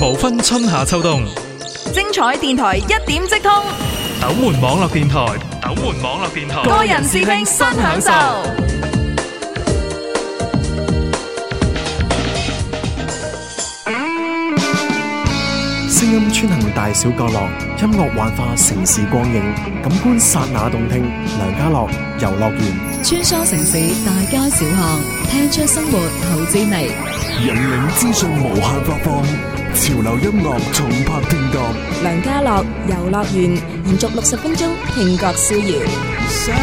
無分春夏秋冬，精彩電台一點即通。鬥門網絡電台，鬥門網絡電台，個人視聽，新享受。聲音穿行大小角落，音樂幻化城市光影，感官剎那動聽。梁家樂，遊樂園，穿梭城市大街小巷，聽出生活好滋味。引領資訊無限播放。潮流音樂重拍定奪，梁家樂遊樂園延續六十分鐘，聽覺逍遙。相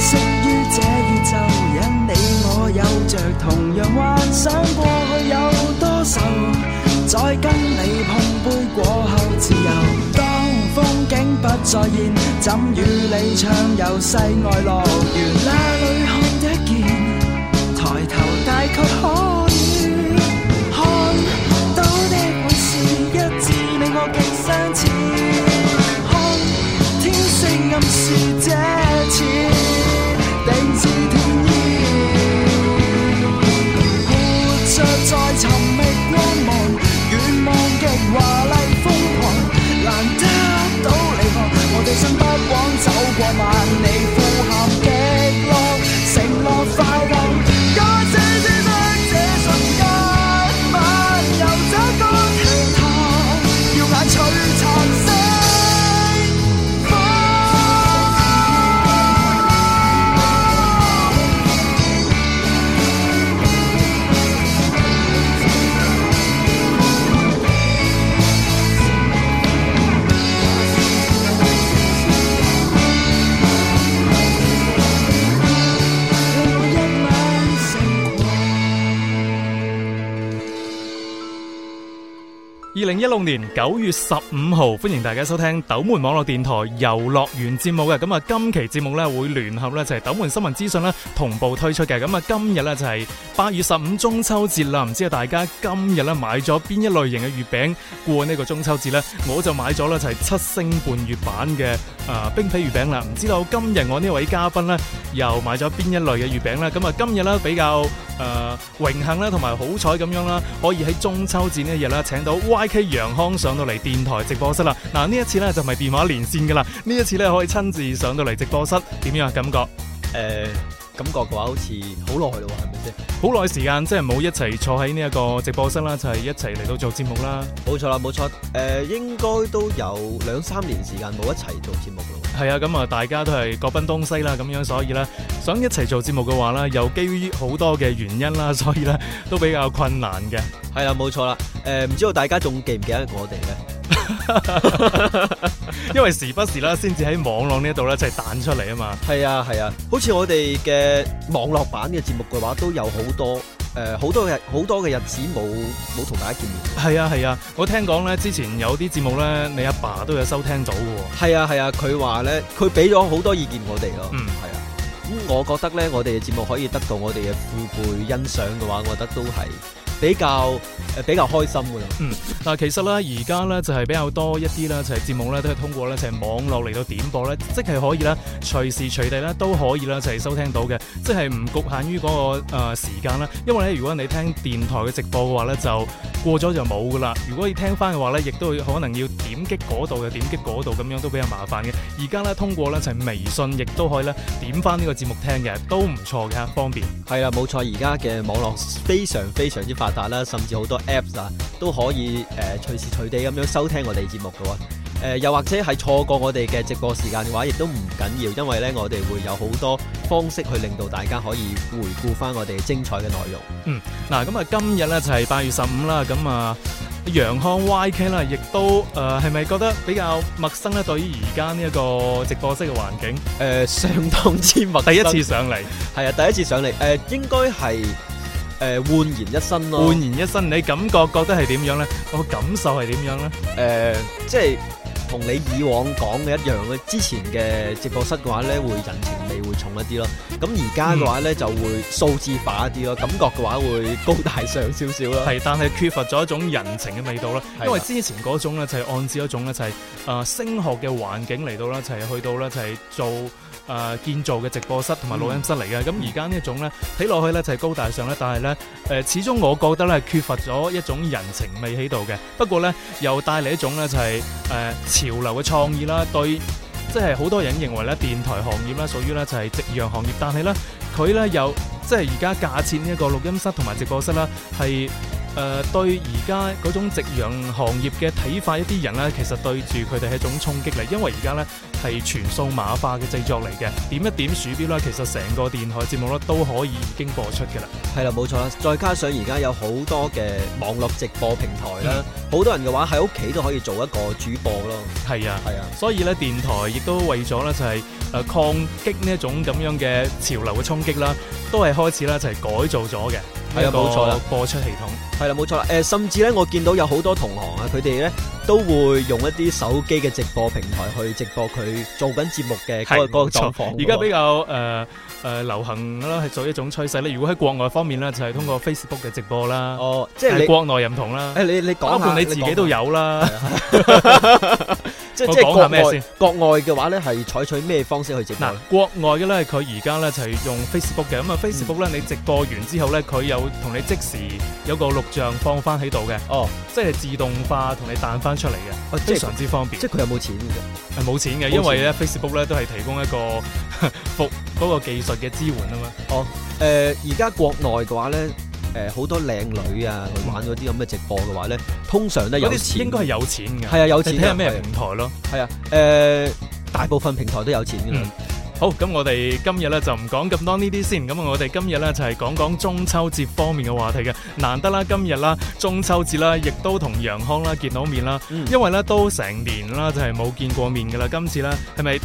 識於這宇宙，因你我有着同樣幻想。過去有多愁，再跟你碰杯過後，自由。當風景不再現，怎與你暢遊世外樂園？那裏看得見？抬頭大概可。哦華麗瘋狂，難挑到離岸。我哋信不枉走過萬里。六年九月十五號，歡迎大家收聽斗門網絡電台遊樂園節目嘅。咁啊，今期節目咧會聯合咧就係斗門新聞資訊咧同步推出嘅。咁啊，今日咧就係八月十五中秋節啦。唔知啊，大家今日咧買咗邊一類型嘅月餅過呢個中秋節咧？我就買咗咧就係七星半月版嘅誒、呃、冰皮月餅啦。唔知道今日我呢位嘉賓咧又買咗邊一類嘅月餅咧？咁啊，今日咧比較誒榮幸咧，同埋好彩咁樣啦，可以喺中秋節呢一日咧請到 YK 楊。楊康上到嚟電台直播室啦，嗱、啊、呢一次咧就唔係電話連線噶啦，呢一次咧可以親自上到嚟直播室，點樣、啊、感覺？誒、呃。感覺嘅話，好似好耐咯喎，係咪先？好耐時間，即係冇一齊坐喺呢一個直播室啦，就係、是、一齊嚟到做節目啦。冇錯啦，冇錯。誒、呃，應該都有兩三年時間冇一齊做節目咯。係啊，咁、嗯、啊，大家都係各奔東西啦，咁樣，所以咧，想一齊做節目嘅話咧，又基於好多嘅原因啦，所以咧都比較困難嘅。係啊，冇錯啦。誒、呃，唔知道大家仲記唔記得我哋咧？ 因為時不時啦，先至喺網絡呢度咧，就係彈出嚟啊嘛。係啊係啊，好似我哋嘅網絡版嘅節目嘅話，都有好多誒好多日好多嘅日子冇冇同大家見面。係啊係啊，我聽講咧，之前有啲節目咧，你阿爸都有收聽到噶。係啊係啊，佢話咧，佢俾咗好多意見我哋咯。嗯，係啊。咁我覺得咧，我哋嘅節目可以得到我哋嘅父輩欣賞嘅話，我覺得都係。比較誒比較開心嘅咯。嗯，嗱，其實咧而家咧就係比較多一啲啦，就係節目咧都係通過咧就係網絡嚟到點播咧，即係可以啦，隨時隨地咧都可以啦就係收聽到嘅，即係唔局限於嗰個誒時間啦。因為咧如果你聽電台嘅直播嘅話咧，就過咗就冇噶啦。如果你聽翻嘅話咧，亦都可能要點擊嗰度嘅點擊嗰度，咁樣都比較麻煩嘅。而家咧通過咧就係微信，亦都可以咧點翻呢個節目聽嘅，都唔錯嘅，方便。係啊，冇錯，而家嘅網絡非常非常之發啦，甚至好多 Apps 啊，都可以誒，隨、呃、時隨地咁樣收聽我哋節目嘅喎。誒、呃，又或者係錯過我哋嘅直播時間嘅話，亦都唔緊要，因為咧我哋會有好多方式去令到大家可以回顧翻我哋精彩嘅內容。嗯，嗱，咁、就是、啊，今日咧就係八月十五啦，咁啊，楊康 YK 啦，亦都誒，係、呃、咪覺得比較陌生咧？對於而家呢一個直播式嘅環境，誒、呃，相當之陌生。第一次上嚟，係啊，第一次上嚟，誒、呃，應該係。誒、呃，煥然一新咯！煥然一新，你感覺覺得係點樣呢？個感受係點樣呢？誒、呃，即係同你以往講嘅一樣咯。之前嘅直播室嘅話呢，會人情味會重一啲咯。咁而家嘅話呢，嗯、就會數字化一啲咯。感覺嘅話會高大上少少啦。係，但係缺乏咗一種人情嘅味道咯。因為之前嗰種呢，就係、是、按照一種呢，就係誒聲學嘅環境嚟到啦，就係、是、去到呢，就係、是、做。誒、呃、建造嘅直播室同埋錄音室嚟嘅，咁而家呢一種呢，睇落去呢就係、是、高大上是呢。但係呢，誒始終我覺得呢，缺乏咗一種人情味喺度嘅。不過呢，又帶嚟一種呢，就係、是、誒、呃、潮流嘅創意啦，對即係好多人認為呢，電台行業呢，屬於呢，就係夕陽行業，但係呢，佢呢，又即係而家架設呢一個錄音室同埋直播室啦，係誒、呃、對而家嗰種夕陽行業嘅睇法，一啲人呢，其實對住佢哋係一種衝擊嚟，因為而家呢。係全數碼化嘅製作嚟嘅，點一點鼠標咧，其實成個電台節目咧都可以已經播出嘅啦。係啦，冇錯啦，再加上而家有好多嘅網絡直播平台咧，嗯、好多人嘅話喺屋企都可以做一個主播咯。係啊，係啊，所以咧電台亦都為咗咧就係誒抗擊呢一種咁樣嘅潮流嘅衝擊啦，都係開始咧就係改造咗嘅呢個播出系統。係啦，冇錯啦。誒，甚至咧我見到有好多同行啊，佢哋咧都會用一啲手機嘅直播平台去直播佢、做緊節目嘅個狀況，而家比較誒誒、呃呃、流行啦，係做一種趨勢咧。如果喺國外方面咧，就係、是、通過 Facebook 嘅直播啦。哦，即係你國內唔同啦。誒，你你講下你，你自己都有啦。 即係講下咩先。國外嘅話咧，係採取咩方式去直播呢？嗱、啊，國外嘅咧，佢而家咧就係、是、用 Facebook 嘅，咁啊 Facebook 咧、嗯，你直播完之後咧，佢有同你即時有個錄像放翻喺度嘅。哦，即係自動化同你彈翻出嚟嘅，非、啊、常之方便。即係佢有冇錢嘅？係冇錢嘅，因為咧 Facebook 咧都係提供一個服嗰 個技術嘅支援啊嘛。哦，誒、呃，而家國內嘅話咧。誒，好多靚女啊，去玩嗰啲咁嘅直播嘅話咧，通常呢有應該係有錢嘅，係啊，有錢聽下咩平台咯？係啊，誒、呃，大部分平台都有錢嘅、嗯。好，咁我哋今日咧就唔講咁多呢啲先。咁我哋今日咧就係講講中秋節方面嘅話題嘅。難得啦，今日啦，中秋節啦，亦都同楊康啦見到面啦，嗯、因為咧都成年啦，就係、是、冇見過面噶啦。今次啦係咪？是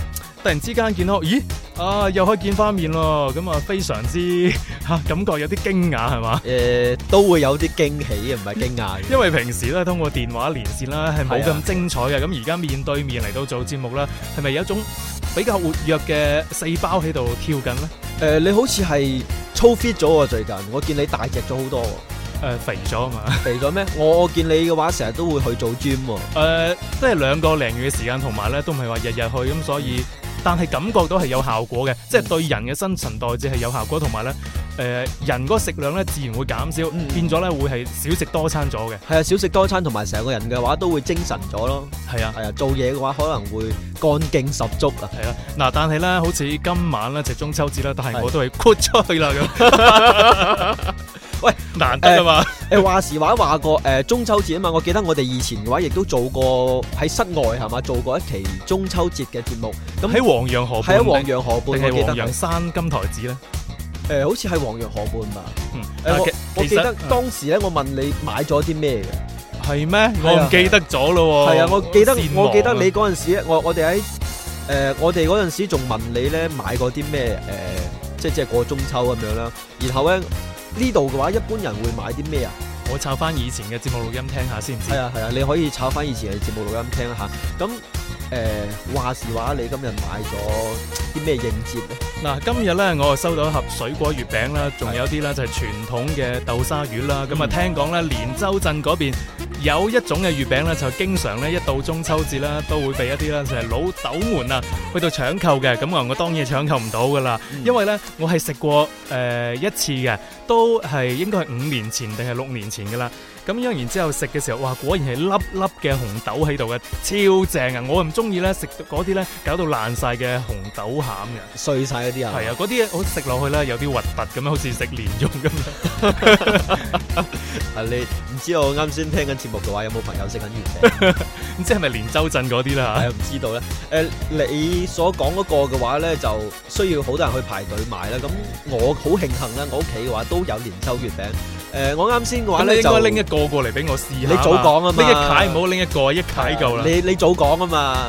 突然之間見到，咦啊又可以見翻面咯，咁啊非常之吓、啊、感覺有啲驚訝係嘛？誒、呃、都會有啲驚喜啊，唔係驚訝嘅。 因為平時咧通過電話連線啦，係冇咁精彩嘅。咁而家面對面嚟到做節目啦，係咪有一種比較活躍嘅細胞喺度跳緊咧？誒、呃、你好似係操 fit 咗啊！最近我見你大隻咗好多、啊。誒、呃、肥咗啊嘛？肥咗咩？我我見你嘅話成日都會去做 gym 喎、啊。誒即係兩個零月嘅時間，同埋咧都唔係話日日去，咁所以。嗯但係感覺到係有效果嘅，即係對人嘅新陳代謝係有效果，同埋咧，誒、呃、人個食量咧自然會減少，嗯、變咗咧會係少食多餐咗嘅。係啊，少食多餐同埋成個人嘅話都會精神咗咯。係啊，係啊，做嘢嘅話可能會幹勁十足啊。係啊，嗱，但係咧好似今晚咧就係、中秋節啦，但係我都係豁出去啦咁。 喂，難得啊嘛、欸！誒，話時話話過，誒，中秋節啊嘛，我記得我哋以前嘅話，亦都做過喺室外係嘛，做過一期中秋節嘅節目。咁喺黃楊河畔，喺黃楊河畔，定係黃楊山金台寺咧？誒、欸，好似喺黃楊河畔嘛。嗯，欸、我我記得當時咧，我問你買咗啲咩嘅？係咩？我唔記得咗咯、啊。係啊，啊，啊，我記得我記得你嗰陣時，我我哋喺誒，我哋嗰陣時仲問你咧買過啲咩？誒、呃，即係即係過中秋咁樣啦。然後咧。呢度嘅話，一般人會買啲咩啊？我抄翻以前嘅節目錄音聽下先。係啊，係啊，你可以抄翻以前嘅節目錄音聽下。咁。誒、呃，話時話，你今日買咗啲咩應節咧？嗱，今日咧，我啊收到一盒水果月餅啦，仲有啲咧就係傳統嘅豆沙月啦。咁啊，聽講咧，連州鎮嗰邊有一種嘅月餅咧，就經常咧一到中秋節啦，都會俾一啲啦就係老豆門啊去到搶購嘅。咁啊，我當然搶購唔到噶啦，因為咧我係食過誒、呃、一次嘅，都係應該係五年前定係六年前噶啦。咁樣，然之後食嘅時候，哇！果然係粒粒嘅紅豆喺度嘅，超正啊！我唔中意咧食嗰啲咧，搞到爛曬嘅紅豆餡嘅，碎曬嗰啲啊！係啊，嗰啲我食落去咧，有啲核突咁樣，好似食蓮蓉咁。啊！你唔知我啱先聽緊節目嘅話，有冇朋友食緊月餅？唔知係咪連州鎮嗰啲啦？我又唔知道咧。誒，你所講嗰個嘅話咧，就需要好多人去排隊買啦。咁我好慶幸咧，我屋企嘅話都有連州月餅。誒，我啱先嘅話咧應該拎一個。過過嚟俾我試下。你早講啊嘛，乜一蟹唔好拎一個，一蟹夠啦。你你早講啊嘛。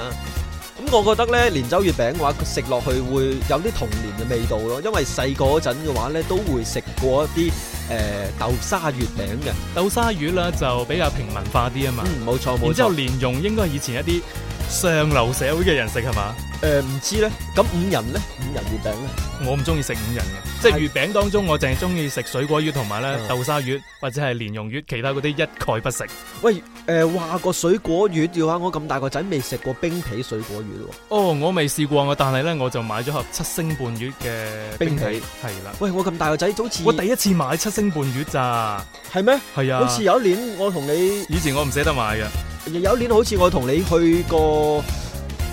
咁我覺得咧，蓮州月餅嘅話，食落去會有啲童年嘅味道咯。因為細個嗰陣嘅話咧，都會食過一啲誒、呃、豆沙月餅嘅。豆沙月啦，就比較平民化啲啊嘛。嗯，冇錯冇錯。然之後蓮蓉應該係以前一啲。上流社會嘅人食係嘛？誒，唔、呃、知咧。咁五仁咧？五仁月餅咧？我唔中意食五仁的。嘅，即係月餅當中，我淨係中意食水果月同埋咧豆沙月或者係蓮蓉月，其他嗰啲一概不食。喂，誒、呃，話個水果月嘅話，我咁大個仔未食過冰皮水果月咯。哦，我未試過啊，但係咧我就買咗盒七星半月嘅冰皮，係啦。喂，我咁大個仔，好似我第一次買七星半月咋？係咩？係啊。好似有一年我同你，以前我唔捨得買嘅。有一年好似我同你去過誒、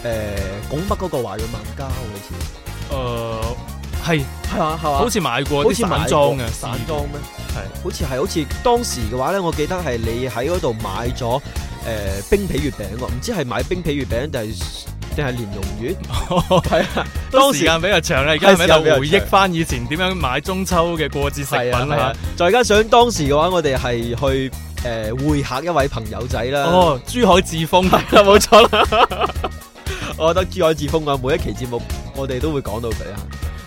呃、拱北嗰個華潤萬家好似，誒係係啊係啊，好似買過啲散裝嘅散裝咩？係，好似係好似當時嘅話咧，我記得係你喺嗰度買咗誒、呃、冰皮月餅喎，唔知係買冰皮月餅定係定係蓮蓉月？係 啊， 當時間比較長啦，而家喺度回憶翻以前點樣買中秋嘅過節食品啦，再加上當時嘅話，我哋係去。誒，會客一位朋友仔啦，哦，珠海志峰啦，冇錯啦，我覺得珠海志峰啊，每一期節目我哋都會講到佢啊，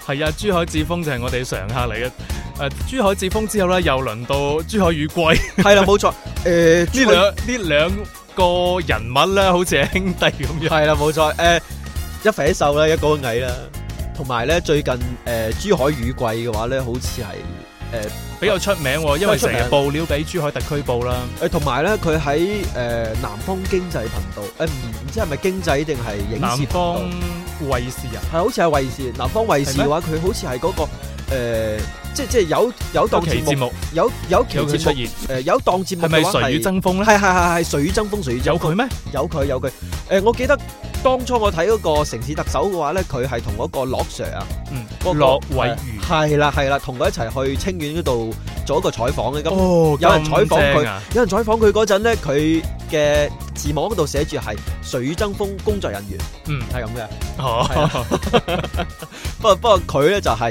係啊，珠海志峰就係我哋常客嚟嘅，誒，珠海志峰之後咧，又輪到珠海雨季，係啦，冇錯，誒，呢兩呢兩個人物咧，好似係兄弟咁樣，係啦，冇錯，誒，一肥一瘦啦，一個矮啦，同埋咧，最近誒，珠海雨季嘅話咧，好似係。誒，比較出名，因為成日報料俾珠海特區報啦。誒，同埋咧，佢喺誒南方經濟頻道，誒、呃、唔知係咪經濟定係影視，方衛視、啊、好似係衛視，南方衛視啊？係，好似係衛視。南方衛視嘅話，佢好似係嗰個誒、呃，即係即係有有檔節目，有有期出現誒，有檔節目係咪誰與爭鋒咧？係係係係誰與爭鋒，誰與爭鋒有佢咩？有佢有佢。誒、呃，我記得。當初我睇嗰個城市特首嘅話咧，佢係同嗰個駱 Sir 啊、嗯，嗰個駱偉如。係啦係啦，同佢一齊去清遠嗰度做一個採訪嘅。咁、哦、有人採訪佢，有人採訪佢嗰陣咧，佢嘅字幕嗰度寫住係水爭鋒工作人員。嗯，係咁嘅。不過不過佢咧就係、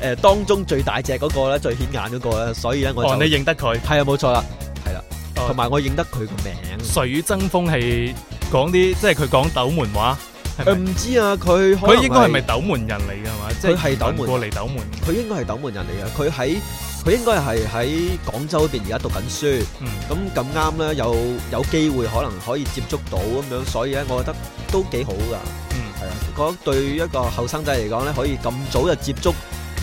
是、誒當中最大隻嗰個咧，最顯眼嗰個咧，所以咧我就你認得佢。係啊，冇錯啦，係啦，同、哦、埋我認得佢個名。水爭鋒係。講啲即係佢講斗門話，誒唔知啊，佢佢應該係咪斗門人嚟嘅係嘛？即係過嚟斗門，佢應該係斗門人嚟嘅。佢喺佢應該係喺廣州嗰邊而家讀緊書，咁咁啱咧有有機會可能可以接觸到咁樣，所以咧我覺得都幾好噶。嗯，係啊，我覺得對一個後生仔嚟講咧，可以咁早就接觸。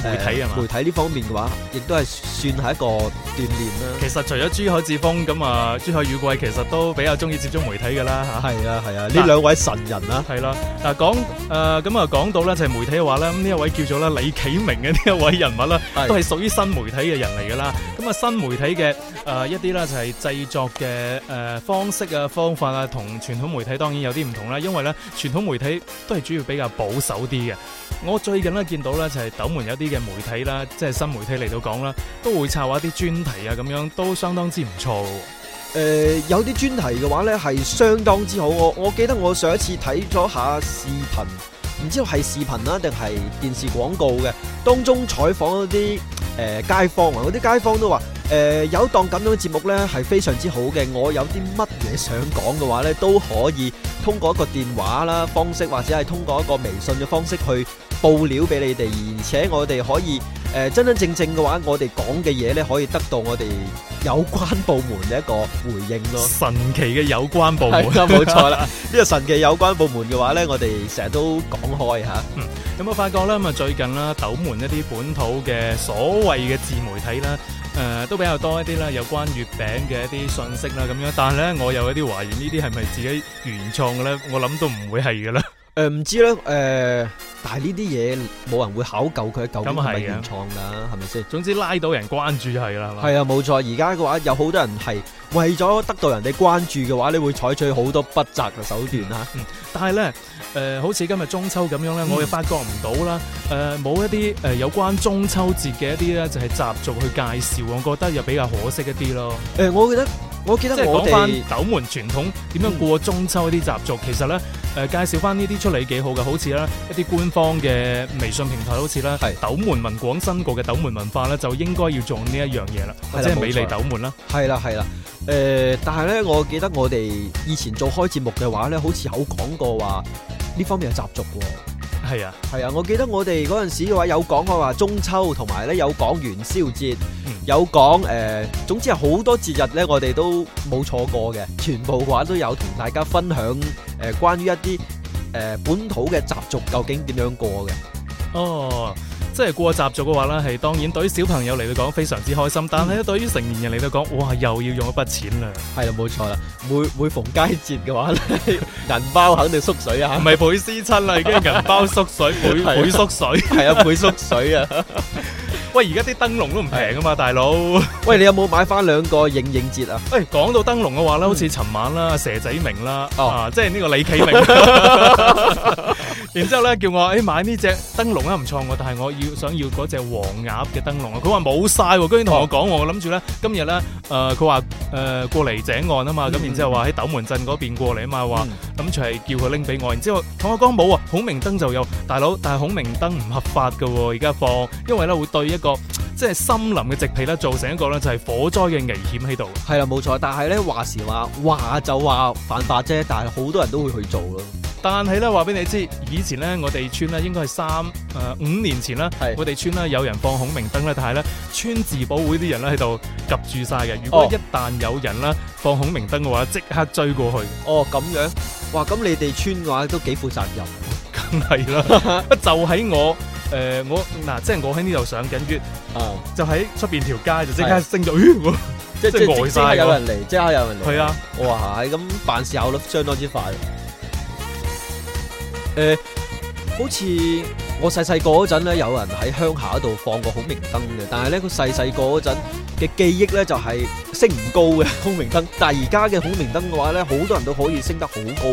媒體啊嘛，媒體呢方面嘅話，亦都係算係一個鍛鍊啦。其實除咗珠海志峰咁啊，珠海雨季其實都比較中意接觸媒體嘅啦嚇。係啊係啊，呢兩位神人啦。係啦，嗱講誒咁啊，講、呃、到咧就係媒體嘅話咧，咁呢一位叫做咧李啟明嘅呢一位人物啦，都係屬於新媒體嘅人嚟㗎啦。咁啊新媒體嘅誒、呃、一啲咧就係製作嘅誒方式啊方法啊，同傳統媒體當然有啲唔同啦。因為咧傳統媒體都係主要比較保守啲嘅。我最近咧見到咧就係斗門有啲。嘅媒體啦，即係新媒體嚟到講啦，都會策劃一啲專題啊，咁樣都相當之唔錯。誒、呃，有啲專題嘅話呢係相當之好。我我記得我上一次睇咗下視頻，唔知道係視頻啦定係電視廣告嘅，當中採訪嗰啲誒街坊啊，嗰啲街坊都話誒、呃、有一檔咁樣嘅節目呢係非常之好嘅。我有啲乜嘢想講嘅話呢，都可以通過一個電話啦方式，或者係通過一個微信嘅方式去。報料俾你哋，而且我哋可以誒真，呃、真正正嘅話，我話，我哋講嘅嘢咧可以得到我哋有關部門嘅一個回應咯。神奇嘅有關部門， 冇錯啦。呢 個神奇有關部門嘅話咧，我哋成日都講開吓。有、嗯、冇發覺啦，咁啊，最近啦，斗門一啲本土嘅所謂嘅自媒體啦，誒、呃，都比較多一啲啦，有關月餅嘅一啲信息啦，咁樣。但係咧，我有一啲懷疑呢啲係咪自己原創嘅咧？我諗都唔會係噶啦。誒、呃，唔知咧，誒、呃，但係呢啲嘢，冇人會考究佢究竟係咪原創㗎，係咪先？總之拉到人關注就係啦，係啊，冇錯。而家嘅話有好多人係為咗得到人哋關注嘅話，你會採取好多不擇嘅手段吓。嗯但係咧、呃，好似今日中秋咁樣咧、嗯，我又發覺唔到啦，冇、呃、一啲有關中秋節嘅一啲咧，就係習俗去介紹，我覺得又比較可惜一啲咯。呃、我記得，我記得我講翻斗門傳統點樣過中秋啲習俗，嗯、其實咧、呃、介紹翻呢啲出嚟幾好嘅，好似啦一啲官方嘅微信平台，好似啦斗門文廣新局嘅斗門文化咧，就應該要做呢一樣嘢啦，或者係美麗斗門啦。係啦，係、啊、啦。誒、呃，但係咧，我記得我哋以前做開節目嘅話咧，好似有講過話呢方面嘅習俗、哦。係啊，係啊，我記得我哋嗰陣時嘅話有講過話中秋，同埋咧有講元宵節、嗯，有講誒、呃，總之係好多節日咧，我哋都冇錯過嘅，全部嘅話都有同大家分享誒、呃，關於一啲誒、呃、本土嘅習俗究竟點樣過嘅。哦。即係過習俗嘅話咧，係當然對於小朋友嚟到講非常之開心，但係對於成年人嚟到講，哇又要用一筆錢啦。係啦，冇錯啦，每每逢佳節嘅話咧，銀包肯定縮水啊，唔係倍思親啦，已經係銀包縮水，倍倍縮水，係啊，倍縮水啊。喂，而家啲燈籠都唔平啊嘛，大佬！喂，你有冇買翻兩個影影節啊？誒，講到燈籠嘅話咧，好似尋晚啦，蛇仔明啦，哦、啊，即係呢個李啟明，哈哈哈哈 然之後咧叫我誒、欸、買呢隻燈籠啊，唔錯喎，但係我要想要嗰隻黃鴨嘅燈籠啊，佢話冇晒，居然同我講，嗯、我諗住咧今日咧誒，佢話誒過嚟井岸啊嘛，咁、嗯、然之後話喺斗門鎮嗰邊過嚟啊嘛，話咁就係叫佢拎俾我，然之後同我講冇啊，孔明燈就有，大佬，但係孔明燈唔合法噶，而家放，因為咧會對一。個即係森林嘅植被咧，造成一個咧就係火災嘅危險喺度。係啦、啊，冇錯。但係咧話時話，話就話犯法啫。但係好多人都會去做咯。但係咧，話俾你知，以前咧我哋村咧應該係三誒、呃、五年前啦，我哋村咧有人放孔明燈咧，但係咧村自保會啲人咧喺度夾住晒嘅。如果一旦有人啦、哦、放孔明燈嘅話，即刻追過去。哦，咁樣。哇，咁你哋村嘅話都幾負責任。梗係啦， 就喺我。誒、呃，我嗱、啊，即係我喺呢度上緊月、嗯，就喺出邊條街就即刻升咗，咦！即係外晒咯，即刻有人嚟，即刻有人嚟，係啊，哇！咁、啊、辦事效率相當之快。誒、呃，好似我細細個嗰陣咧，有人喺鄉下度放過孔明燈嘅，但係咧佢細細個嗰陣嘅記憶咧就係升唔高嘅孔明燈，但係而家嘅孔明燈嘅話咧，好多人都可以升得好高。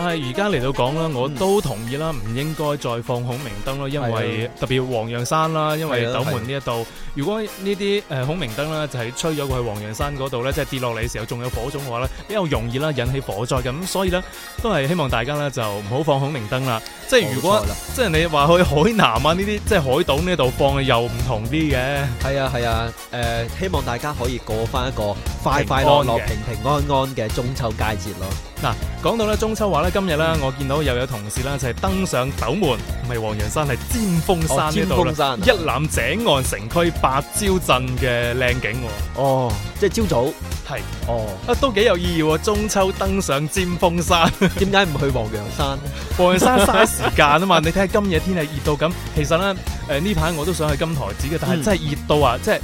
但係而家嚟到講啦，我都同意啦，唔應該再放孔明燈咯，因為特別黃楊山啦，因為斗門呢一度，如果呢啲誒孔明燈咧就係吹咗過去黃楊山嗰度咧，即係跌落嚟嘅時候仲有火種嘅話咧，比較容易啦引起火災咁，所以咧都係希望大家咧就唔好放孔明燈啦。即係如果即係你話去海南啊呢啲即係海島呢度放嘅又唔同啲嘅。係啊係啊，誒、啊呃、希望大家可以過翻一個快快樂樂、平平安安嘅中秋佳節咯。嗱，講到咧中秋話咧，今日咧我見到又有同事咧就係登上斗門，唔係黃楊山，係尖峰山呢度啦，一覽井岸城區、白蕉鎮嘅靚景。哦，即係朝早係哦，啊都幾有意義的，中秋登上尖峰山。點解唔去黃楊山咧？黃楊山嘥時間啊嘛， 你睇下今日天氣熱到咁，其實咧誒呢排、呃、我都想去金台寺嘅，但係真係熱到啊，即係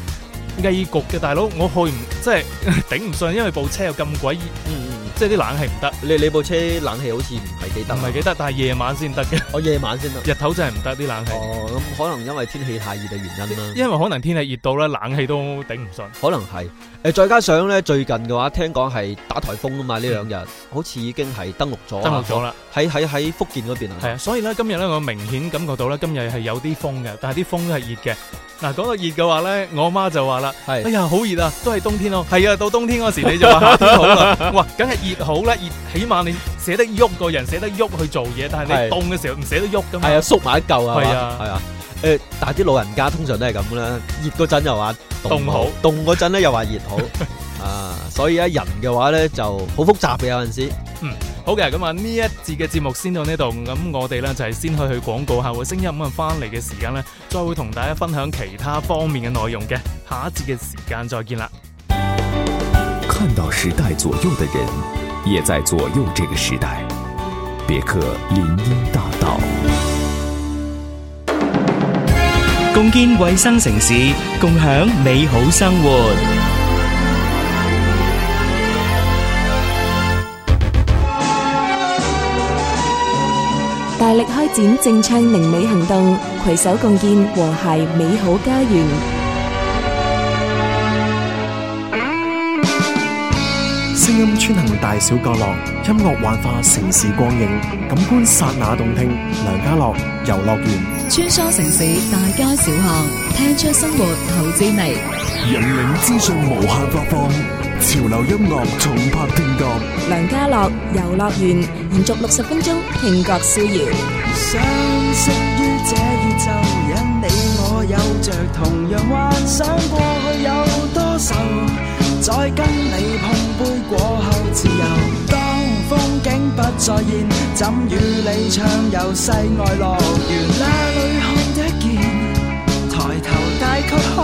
翳焗嘅大佬，我去唔即係頂唔順，因為那部車又咁鬼熱。嗯即係啲冷氣唔得，你你部車冷氣好似唔係幾得，唔係幾得，但係夜晚先得嘅。我 哦、夜晚先得，日頭真係唔得啲冷氣。哦，咁可能因為天氣太熱嘅原因啦。因為可能天氣熱到咧，冷氣都頂唔順，可能係。誒，再加上咧，最近嘅話聽講係打台風啊嘛，呢兩日好似已經係登陸咗，登陸咗啦。喺喺喺福建嗰邊啊。係啊，所以咧今日咧我明顯感覺到咧今日係有啲風嘅，但係啲風都係熱嘅。嗱、啊，講到熱嘅話咧，我媽就話啦，哎呀，好熱啊，都係冬天咯。係啊，到冬天嗰時候你就話夏天好啦。 哇，梗係熱好啦，熱起碼你捨得喐個人，捨得喐去做嘢。但係你凍嘅時候唔捨得喐咁嘛。係啊，縮埋一嚿啊。係啊，係啊。誒，但係啲老人家通常都係咁啦，熱嗰陣又話凍好，凍嗰陣咧又話熱好。 啊，所以啊，人嘅話咧就好複雜嘅有陣時。嗯，好嘅，咁啊呢一節嘅節目先到這裡呢度，咁我哋咧就係、是、先去去廣告一下個星期五，咁啊翻嚟嘅時間咧，再會同大家分享其他方面嘅內容嘅，下一節嘅時間再見啦。看到時代左右的人，也在左右這個時代。別克林蔭大道，共建衛生城市，共享美好生活。大力開展淨暢寧美行動，携手共建和諧美好家園。聲音穿行大小角落，音樂幻化城市光影，感官剎那動聽。梁家樂遊樂園穿梭城市大街小巷，聽出生活好滋味，引領資訊無限發放。潮流音樂重拍聽覺，梁家樂遊樂園延續六十分鐘聽覺逍遙。相識於這宇宙，因你我有着同樣幻想，過去有多愁，再跟你碰杯過後自由。當風景不再現，怎與你暢遊世外樂園？那裏看得見，抬頭大曲。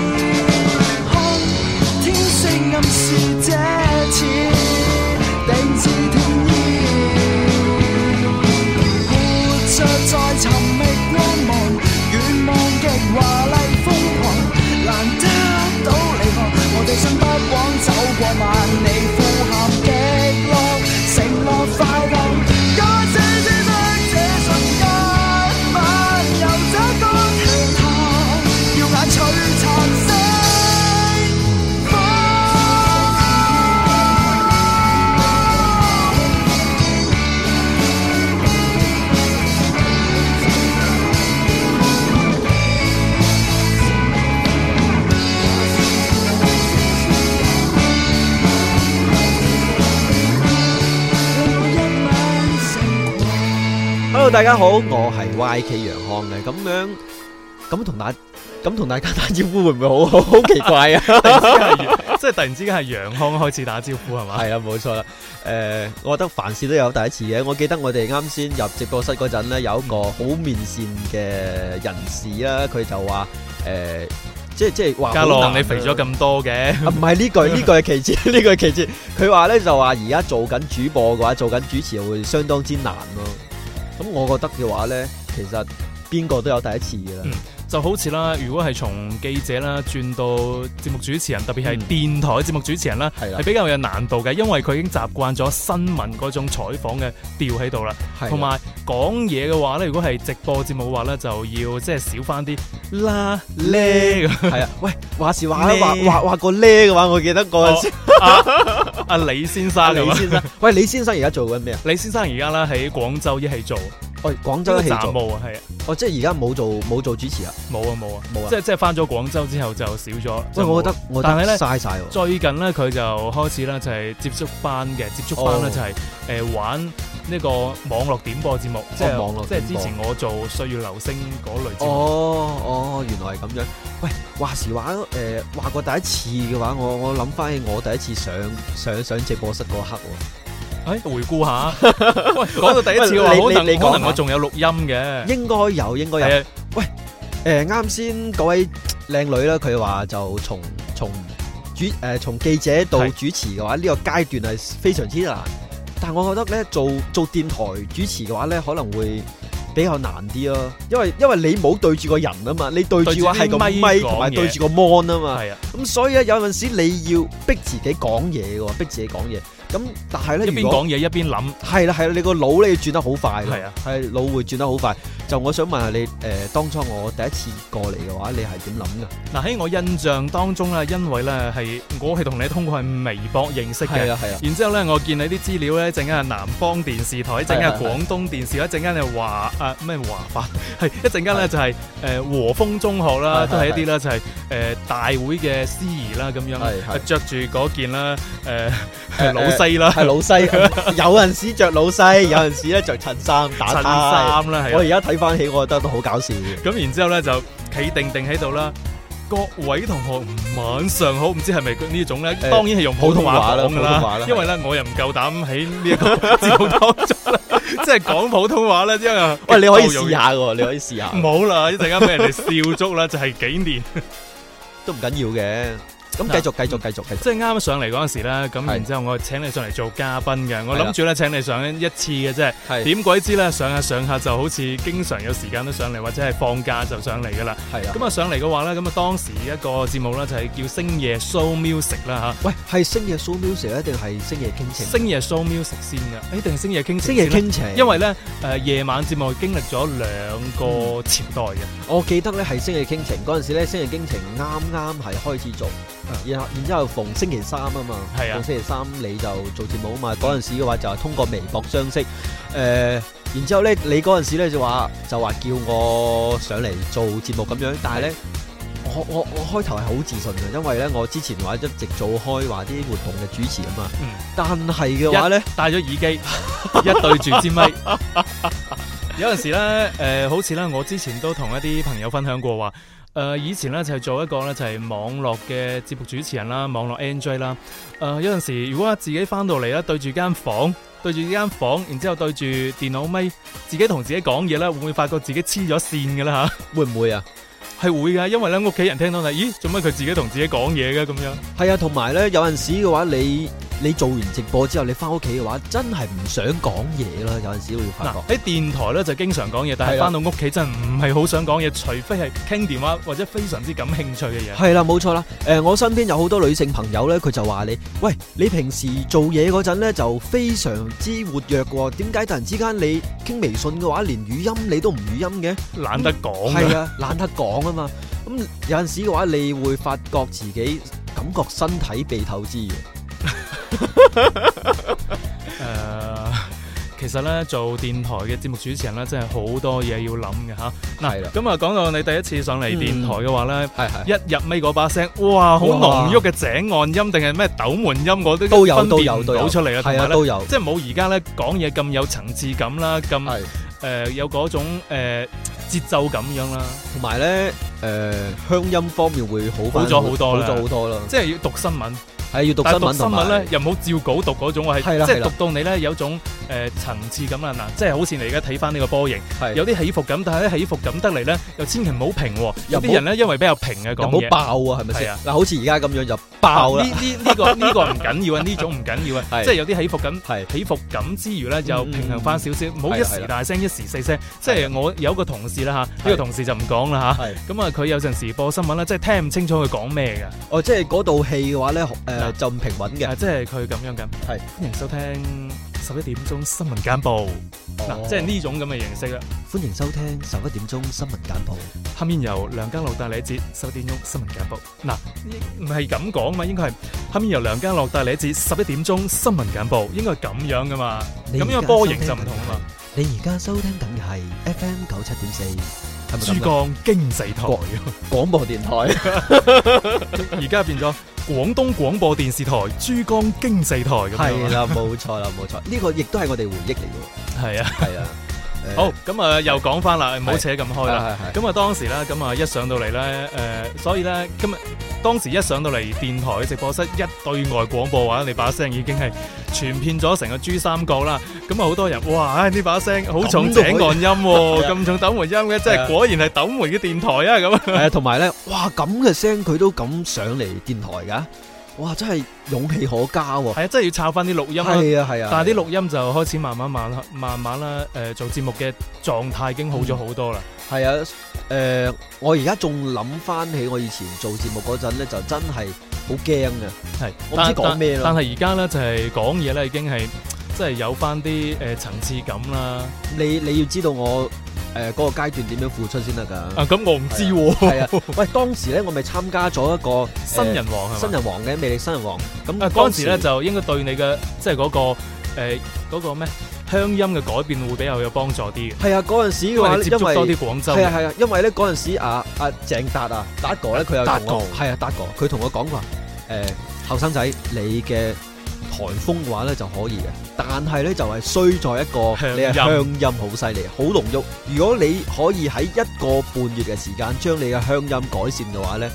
大家好，我係 YK 楊康嘅咁樣，咁同大咁同大家打招呼會唔會好好好奇怪啊？即 係突然之間係楊康開始打招呼係嘛？係 啊，冇錯啦。誒、呃，我覺得凡事都有第一次嘅。我記得我哋啱先入直播室嗰陣咧，有一個好面善嘅人士啦，佢就話誒、呃，即係即係話。嘉樂，你肥咗咁多嘅？唔 係、啊、 呢句呢句係其次，呢句係其次。佢話咧就話而家做緊主播嘅話，做緊主持會相當之難咯。咁我覺得嘅話咧，其實邊個都有第一次㗎啦。嗯就好似啦，如果係從記者啦轉到節目主持人，特別係電台節目主持人啦，係、嗯、比較有難度嘅，因為佢已經習慣咗新聞嗰種採訪嘅調喺度啦，同埋講嘢嘅話咧，如果係直播節目嘅話咧，就要即係少翻啲啦咧，係啊，喂，話時話話話話個咧嘅話，我記得嗰阿、哦啊 啊、李先生、啊，李先生，喂，李先生而家做緊咩啊？李先生而家咧喺廣州一係做，喂、哦，廣州一係做啊，係、這、啊、個，哦，即係而家冇做冇做主持啊？冇啊冇啊冇啊！即係即係翻咗廣州之後就少咗。喂，我覺得，得，但係咧嘥晒。最近咧佢就開始啦，就係、是、接觸班嘅，接觸班啦、oh. 就係、是、誒、呃、玩呢個網絡點播節目，即係、oh, 網絡點播，即係之前我做歲月流聲嗰類節目。哦哦，原來係咁樣。喂，話時話誒、呃、話過第一次嘅話，我我諗翻起我第一次上上上直播室嗰刻。誒、欸，回顧下。喂 說，講 到第一次嘅話，可能，你，你可能我仲有錄音嘅。應該有，應該有。喂。誒、呃，啱先嗰位靚女啦，佢話就從從主誒從、呃、記者到主持嘅話，呢、這個階段係非常之難。但係我覺得咧，做做電台主持嘅話咧，可能會比較難啲咯。因為因為你冇對住個人啊嘛，你對住嘅係個咪同埋對住個 mon 啊嘛。咁、嗯、所以咧，有陣時你要逼自己講嘢嘅，逼自己講嘢。咁，但係咧，一邊講嘢一邊諗，係啦係啦，你個腦咧轉得好快，係啊，係腦會轉得好快。就我想問下你，誒當初我第一次過嚟，嘅話你係點諗嘅？嗱喺我印象當中咧，因為咧係我係同你通過係微博認識嘅，係啊係啊。然之後咧，我見你啲資料咧，一間係南方電視台，一陣陣間廣東電視台，一陣間係華啊咩華發係一陣間咧就係誒和風中學啦，都係一啲咧就係誒大會嘅司儀啦咁樣係係著住件啦誒、呃、老。係老西，有陣時着老西，有陣時咧着襯衫打。襯衫啦，係我而家睇翻起，我覺得都好搞笑。咁然之後咧就企定定喺度啦。各位同學晚上好，唔知係咪呢種咧、欸，當然係用普通話啦，因為咧、啊、我又唔夠膽喺呢個節目當中，即係講普通話咧。因為喂，你可以試下噶，你可以試下。唔好、啊、 啦，一陣間俾人哋笑足啦， 就係幾年都唔緊要嘅。咁繼續、啊、繼續繼續繼續，即係啱啱上嚟嗰陣時咧，咁然之後我請你上嚟做嘉賓嘅，我諗住咧請你上一次嘅啫，點鬼知咧上下上下就好似經常有時間都上嚟，或者係放假就上嚟噶啦。係啊，咁啊上嚟嘅話咧，咁啊當時一個節目咧就係叫星夜 show music 啦嚇。喂，係星夜 show music 定係星夜傾情？星夜 show music 先嘅，一定係星夜傾情？星夜傾情，因為咧誒、呃、夜晚節目經歷咗兩個時代嘅、嗯。我記得咧係星夜傾情嗰陣時咧，星夜傾情啱啱係開始做。然然之後逢星期三啊嘛，啊逢星期三你就做節目啊嘛，嗰陣時嘅話就係通過微博相識，呃、然之後咧，你嗰陣時咧就話就話叫我上嚟做節目咁樣，但係咧，我我我開頭係好自信嘅，因為咧我之前話一直做開話啲活動嘅主持啊嘛，嗯、但係嘅話咧戴咗耳機，一，機 一對住支咪。 有陣時咧、呃、好似咧我之前都同一啲朋友分享過話。誒、呃，以前咧就係做一個咧就係網絡嘅節目主持人啦，網絡 N J 啦、呃。誒，有陣時如果自己翻到嚟咧，對住間房，對住呢間房，然之後對住電腦咪，自己同自己講嘢咧，會唔會發覺自己黐咗線嘅啦吓？會唔會啊？係會噶，因為咧屋企人聽到你、就是、咦，做乜佢自己同自己講嘢嘅咁樣？係啊，同埋咧有陣時嘅話你。你做完直播之後，你翻屋企嘅話，真係唔想講嘢啦。有陣時會發覺喺、啊、電台咧就經常講嘢，但係翻到屋企真係唔係好想講嘢，除非係傾電話或者非常之感興趣嘅嘢。係啦，冇錯啦。誒、呃，我身邊有好多女性朋友咧，佢就話你：喂，你平時做嘢嗰陣咧就非常之活躍嘅喎，點解突然之間你傾微信嘅話，連語音你都唔語音嘅？懶得講。係、嗯、啊，懶得講啊嘛。咁 有陣時嘅話，你會發覺自己感覺身體被透支。誒、 uh,，其實咧做電台嘅節目主持人咧，真係好多嘢要諗嘅吓。嗱，係啦，咁啊，講到你第一次上嚟電台嘅話咧，係、嗯、係，一入嚟嗰把聲，哇，好濃郁嘅井岸音定係咩斗門音，我都有都有有出嚟啊，係啊，都有，都有是有是都有即係冇而家咧講嘢咁有層次感啦，咁誒、呃、有嗰種誒節、呃、奏感樣啦，同埋咧誒鄉音方面會好好咗好多啦，即係要讀新聞。係要讀新聞，但係讀新聞咧又唔好照稿讀嗰種，我係即係讀到你咧有種誒、呃、層次感啊嗱，即係好似你而家睇翻呢個波形，有啲起伏咁，但係呢起伏咁得嚟咧又千祈唔好平，有啲人咧因為比較平嘅講嘢，又，又冇爆啊係咪先？嗱，好似而家咁樣就爆啦。呢呢呢個呢個唔緊要啊，呢、這個、 種唔緊要啊，即係有啲起伏咁起伏咁之餘咧，又平衡返少少，唔、嗯、好一時大聲一時細聲。是聲是即係我有個同事啦吓，呢、這個同事就唔講啦吓，咁啊佢有陣時播新聞咧，即係、就是、聽唔清楚佢講咩㗎。哦，即係嗰道氣嘅話咧，誒。就咁平穩嘅，即係佢咁樣嘅。係歡迎收聽十一點鐘新聞簡報。嗱，即係呢種咁嘅形式啦。歡迎收聽十一點鐘新聞簡報。下、哦啊就是、面由梁家樂帶嚟一節十一點鐘新聞簡報。嗱、啊，唔係咁講嘛，應該係。下面由梁家樂帶嚟一節十一點鐘新聞簡報，應該係咁樣噶嘛？咁樣波形就唔同啦。你而家收聽緊嘅係 F M 九七點四。係咪珠江經濟台，廣播電台，而 家變咗廣東廣播電視台珠江經濟台樣、啊，咁係啦，冇錯啦，冇錯，呢個亦都係我哋回憶嚟嘅，係啊，係啊。 好，咁啊，又講翻啦，唔好扯咁開啦。咁啊，當時咧，咁啊，一上到嚟咧，誒，所以咧，今日當時一上到嚟電台直播室一對外廣播話，你把聲已經係傳遍咗成個珠三角啦。咁啊，好多人哇，唉，呢把聲好重井岸音，咁重斗門音嘅，即係果然係斗門嘅電台啊咁。誒，同埋咧，哇，咁嘅聲佢都咁上嚟電台噶。哇！真係勇氣可嘉喎。啊，係啊，真係要抄翻啲錄音啊，係啊，係啊，但係啲錄音就開始慢慢慢慢慢啦。呃，做節目嘅狀態已經好咗好多啦。係。嗯、啊，呃、我而家仲諗翻起我以前做節目嗰陣咧，就真係好驚嘅，係。我唔知講咩啦。但係而家咧就係講嘢咧，已經係即係有翻啲誒層次感啦。你你要知道我。誒、呃，嗰、那個階段點樣付出先得噶？啊，咁、嗯、我唔知喎、哦啊。係啊，喂，當時咧我咪參加咗一個新人王，呃、新人王嘅魅力新人王。咁嗰陣時咧、嗯、就應該對你嘅即係嗰個誒嗰、呃那個咩鄉音嘅改變會比較有幫助啲嘅。係啊，嗰陣時嘅話，因為，因為接觸多啲廣州、啊。係啊係啊，因為咧嗰陣時阿阿鄭達啊達、啊啊、哥咧佢個。係啊達哥，佢同、啊、我講話誒，後生仔你嘅。台風嘅話咧就可以嘅，但係咧就係衰在一個你嘅鄉音好犀利，好濃郁。如果你可以喺一個半月嘅時間將你嘅鄉音改善嘅話咧，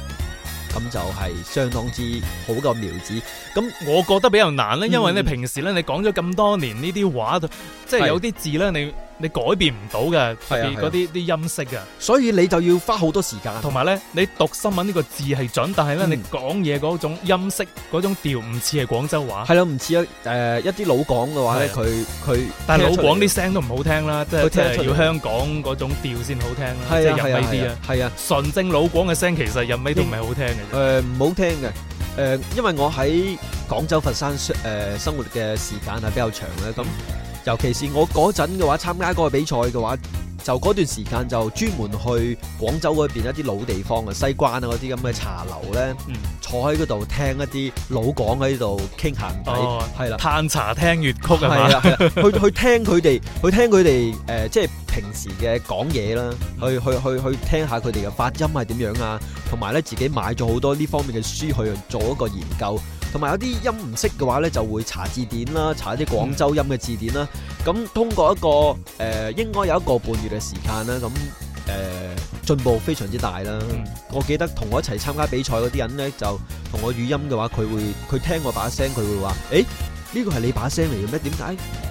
咁就係相當之好嘅苗子。咁我覺得比較難咧，因為咧平時咧你講咗咁多年呢啲話，即係有啲字咧你。你改變唔到嘅，特別嗰啲啲音色啊，啊，所以你就要花好多時間。同埋咧，你讀新聞呢個字係準，但係咧、嗯、你講嘢嗰種音色嗰種調唔似係廣州話，係咯、啊，唔似、呃、一一啲老廣嘅話咧，佢佢、啊。但係老廣啲聲都唔好聽啦，即係要香港嗰種調先好聽啦，即係入味啲啊。係啊、啊、啊、啊，純正老廣嘅聲其實入味都唔係好聽嘅。誒唔、呃、好聽嘅，誒、呃、因為我喺廣州佛山、呃、生活嘅時間係比較長咧，咁。嗯尤其是我嗰陣嘅話，參加嗰個比賽嘅話，就嗰段時間就專門去廣州嗰邊一啲老地方啊，西關啊嗰啲咁嘅茶樓咧、嗯，坐喺嗰度聽一啲老廣喺度傾閒偈，係、哦、啦，歎茶聽粵曲係啊，係啊、係啊、係啊 去去聽佢哋，去聽佢哋誒，即係平時嘅講嘢啦，去去去去聽下佢哋嘅發音係點樣啊，同埋咧自己買咗好多呢方面嘅書去做一個研究。同埋有啲音唔識嘅話咧，就會查字典啦，查一啲廣州音嘅字典啦。咁通過一個誒、呃，應該有一個半月嘅時間啦。咁誒、呃、進步非常之大啦。我記得同我一齊參加比賽嗰啲人咧，就同我語音嘅話，佢會佢聽我把聲，佢會話，誒呢個係你把聲嚟嘅咩？點解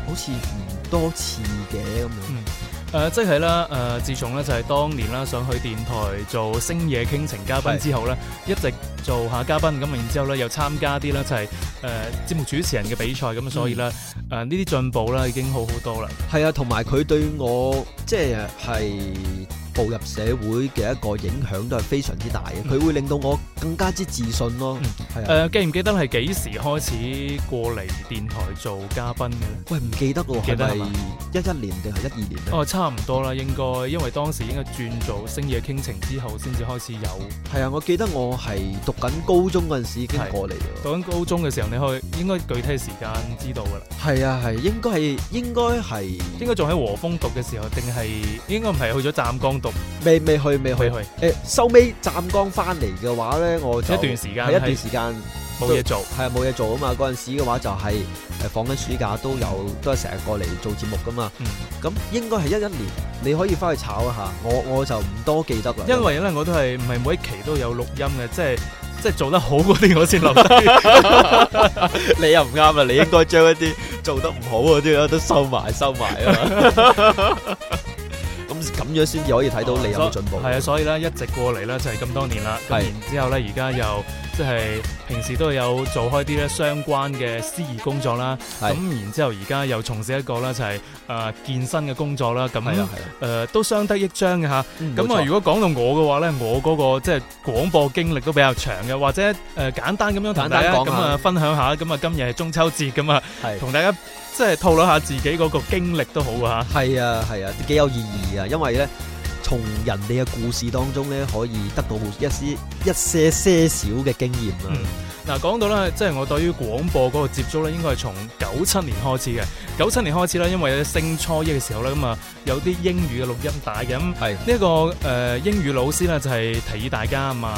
好似唔多次嘅咁樣？誒、呃、即係啦、呃，自從咧，就係當年啦，上去電台做星夜傾情嘉賓之後咧，一直做下嘉賓，咁然之後咧又參加啲咧就係、是、誒、呃、節目主持人嘅比賽，咁所以咧呢啲進步啦已經好好多啦。係啊，同埋佢對我即係係。就是是步入社會嘅一個影響都係非常之大嘅，佢會令到我更加之自信咯。嗯，係啊。誒、呃，記唔記得係幾時開始過嚟電台做嘉賓嘅咧？喂，唔記，記得喎，係咪一一年定係一二年咧？哦，差唔多啦，應該因為當時應該轉做星夜傾情之後，先至開始有。係啊，我記得我係讀緊高中嗰陣時候已經過嚟咗。讀緊高中嘅時，時、啊、時候，你去應該具體時間知道㗎啦。係啊，係應該係應該係應該仲喺和風讀嘅時候，定係應該唔係去咗湛江。未未去未去，誒，收尾湛江翻嚟嘅話咧，我就一段時間一段時間冇嘢做，係啊冇嘢做啊嘛，嗰陣時嘅話就係誒放緊暑假都有，都係成日過嚟做節目噶嘛。咁、嗯、應該係一一年，你可以翻去炒一下。我我就唔多記得啦，因為咧我都係唔係每期都有錄音嘅，即係即係做得好嗰啲我先錄。 你又唔啱啊！你應該將一啲做得唔好嗰啲都收埋收埋啊。 咁樣先至可以睇到你有進步。係啊，所以咧一直過嚟咧就係咁多年啦。咁然之後咧，而家又即係平時都有做開啲咧相關嘅司儀工作啦。咁然之後，而家又從事一個咧就係誒健身嘅工作啦。係啊係。誒都相得益彰嘅嚇。冇錯。咁啊，如果講到我嘅話咧，我嗰個即係廣播經歷都比較長嘅，或者誒簡單咁樣同大家咁啊分享一下。簡單講下。咁啊，今日係中秋節咁啊，同大家。即係透露下自己嗰個經歷都好是啊，是啊，吓，係啊係啊，幾有意義啊！因為咧，從人哋嘅故事當中咧，可以得到一啲一些些少嘅經驗啊。嗯嗱，講到咧，即係我對於廣播嗰個接觸咧，應該係從九七年開始嘅。九七年開始呢，因為升初一嘅時候咧，咁啊有啲英語嘅錄音帶嘅。咁呢個個英語老師咧就係提議大家買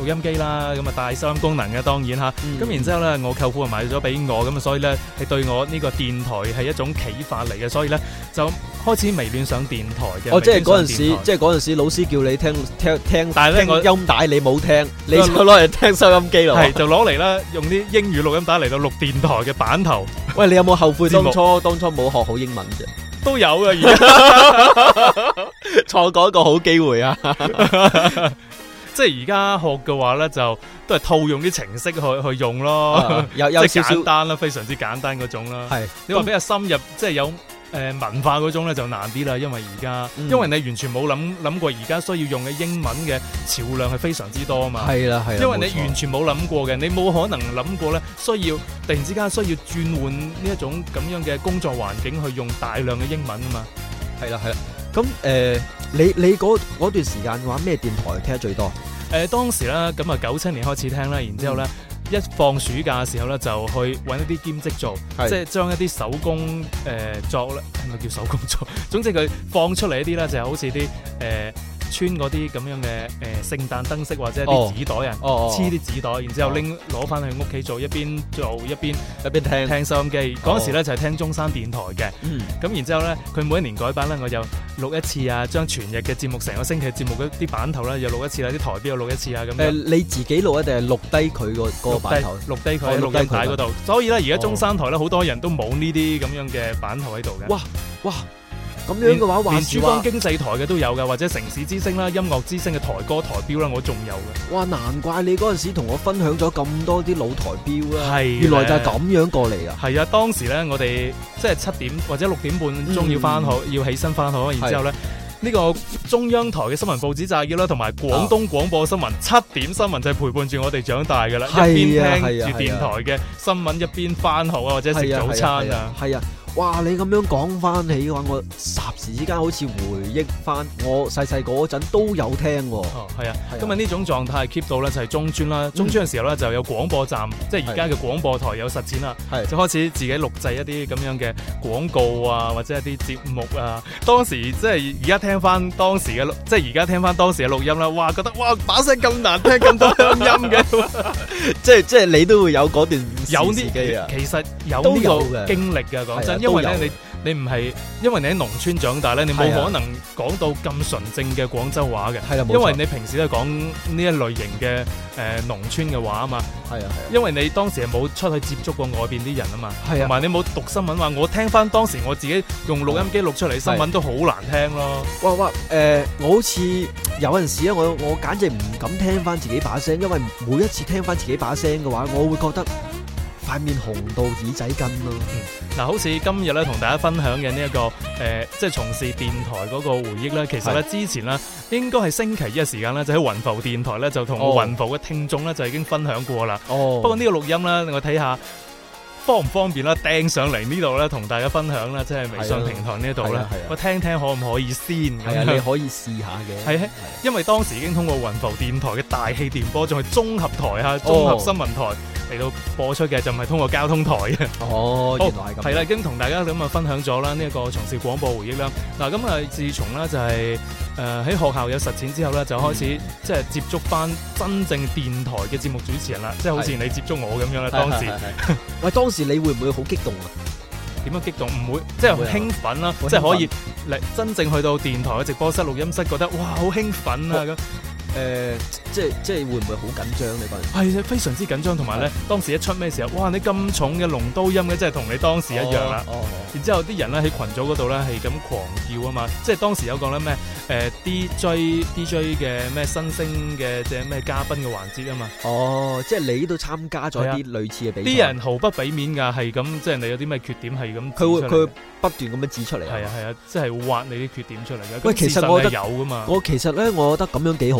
錄音機啦，咁啊帶收音功能嘅當然吓，咁然之後咧，我舅父啊買咗俾我，咁啊所以咧係對我呢個電台係一種啟發嚟嘅，所以咧就開始迷戀上電台嘅、哦。我即係嗰陣時，即係嗰陣時老師叫你聽聽聽帶咧音帶你，你冇聽，你就攞嚟聽收音機咯。 攞嚟咧，用啲英語錄音帶嚟到錄電台嘅版頭。喂，你有冇後悔當初當初冇學好英文啫？都有啊，而家 錯過一個好機會啊！ 即係而家學嘅話咧，就都係套用啲程式去去用咯，啊啊有有，有少少簡單啦，非常之簡單嗰種啦。係你話比較深入，即係有。誒文化嗰種咧就難啲啦，因為而家、嗯，因為你完全冇諗諗過而家需要用嘅英文嘅潮量係非常之多啊嘛。係啦、啊，係啦、啊、因為你完全冇諗過嘅，你冇可能諗過咧，需要突然之間需要轉換呢一種咁樣嘅工作環境去用大量嘅英文啊嘛。係啦、啊，係啦、啊。咁、呃、你你嗰段時間嘅話，咩電台聽得最多？誒、呃、當時咧，咁啊九七年開始聽啦，然之後咧。嗯一放暑假嘅時候咧，就去搵一啲兼職做，即係將一啲手工誒作咧，係、呃、咪叫手工作？總之佢放出嚟一啲咧，就係好似啲誒。穿嗰啲咁樣嘅誒、呃、聖誕燈飾或者啲紙袋啊，黐、哦、啲、哦、紙袋，然之後拎攞翻去屋企做，一邊做一邊一邊聽聽收音機。嗰、哦、陣時咧就係、是、聽中山電台嘅。咁、嗯、然之後咧，佢每一年改版咧，我就錄一次啊，將全日嘅節目，成個星期節目嗰啲版頭咧又錄一次啦，啲台標又錄一次啊。誒、呃，你自己錄啊，定係錄低佢個個版頭？錄低佢，錄低佢嗰度。所以咧，而家中山台咧，好、哦、多人都冇呢啲咁樣嘅版頭喺度嘅。哇！哇！咁樣嘅話,話，連珠江經濟台嘅都有嘅，或者城市之聲啦、音樂之聲嘅台歌台標啦，我仲有嘅。哇，難怪你嗰陣時同我分享咗咁多啲老台標啦、啊，原來就係咁樣過嚟啊！係啊，當時咧，我哋即係七點或者六點半鐘要返學、嗯，要起身返學，然之後咧，呢、啊這個中央台嘅新聞報紙摘要啦，同埋廣東廣播新聞七、啊、點新聞就係陪伴住我哋長大㗎啦。係啊，係啊，一邊聽住電台嘅新聞、啊啊啊，一邊返學啊，或者食早餐啊，係啊。哇！你咁樣講翻起嘅話，我霎時之間好似回憶翻我細細嗰陣都有聽、哦。係、哦、啊，啊。今日呢種狀態 keep 到咧就係中專啦。中專嘅時候咧就有廣播站，嗯、即係而家嘅廣播台有實踐啦。係、啊，就開始自己錄製一啲咁樣嘅廣告啊，或者一啲節目啊。當時即係而家聽翻當時嘅即係而家聽翻當時嘅錄音啦。哇，覺得哇把聲咁難聽，咁 多鄉音嘅。 即係即係你都會有嗰段時、啊、有啲，其實有個有嘅經歷嘅。講真。因為咧，你你唔係，因為你喺農村長大咧，你冇可能講到咁純正嘅廣州話嘅。係啦、啊，因為你平時都係講呢一類型嘅誒、呃、農村嘅話啊嘛。係啊，係、啊。因為你當時係冇出去接觸過外邊啲人啊嘛。係啊。同埋你冇讀新聞嘅話，我聽翻當時我自己用錄音機錄出嚟新聞都好難聽咯、啊啊。哇哇誒、呃！我好似有陣時咧，我我簡直唔敢聽翻自己把聲，因為每一次聽翻自己把聲嘅話，我會覺得。塊面紅到耳仔根咯，嗱、嗯，好似今日咧同大家分享嘅呢一個誒，即係從事電台嗰個回憶咧，其實咧之前呢應該係星期一嘅時間咧，就喺雲浮電台咧就同雲浮嘅聽眾咧、哦、就已經分享過啦。哦，不過這個錄呢個錄音咧，我睇下方唔方便啦，掟上嚟呢度咧，同大家分享啦，即、就、係、是、微信平台呢度咧，我聽聽可唔可以先？係啊，你可以試下嘅。係，因為當時已經通過雲浮電台嘅大氣電波，仲係綜合台啊，綜合新聞台。哦嚟到播出嘅就唔係通過交通台嘅。哦，原來係咁。係啦，咁同大家咁啊分享咗啦呢一個從事廣播回憶啦。嗱，咁啊自從咧就係誒喺學校有實踐之後咧，就開始、嗯、即係接觸翻真正電台嘅節目主持人啦。即係好似你接觸我咁樣啦。當時 喂，當時你會唔會好激動啊？點樣激動？唔會，即係好興奮啦，即係可以嚟真正去到電台嘅直播室、錄音室，覺得哇很興奮好興奮啊咁。誒、呃，即係即係會唔會好緊張呢？個係啊，非常之緊張，同埋咧，哦、當時一出咩時候，哇！你咁重嘅龍刀音咧，真係同你當時一樣啦。哦，然之後啲人咧喺群組嗰度咧係咁狂叫啊嘛，哦、即係當時有個咧咩誒 DJ DJ 嘅咩新星嘅即咩嘉賓嘅環節啊嘛。哦，即係你都參加咗啲類似嘅比賽。啲人毫不俾面噶，係咁即係你有啲咩缺點係咁。佢會佢會不斷咁樣指出嚟。係啊係啊，即係、啊就是、挖你啲缺點出嚟嘅。喂，其實我覺得有嘛。我其實咧，我覺得咁樣幾好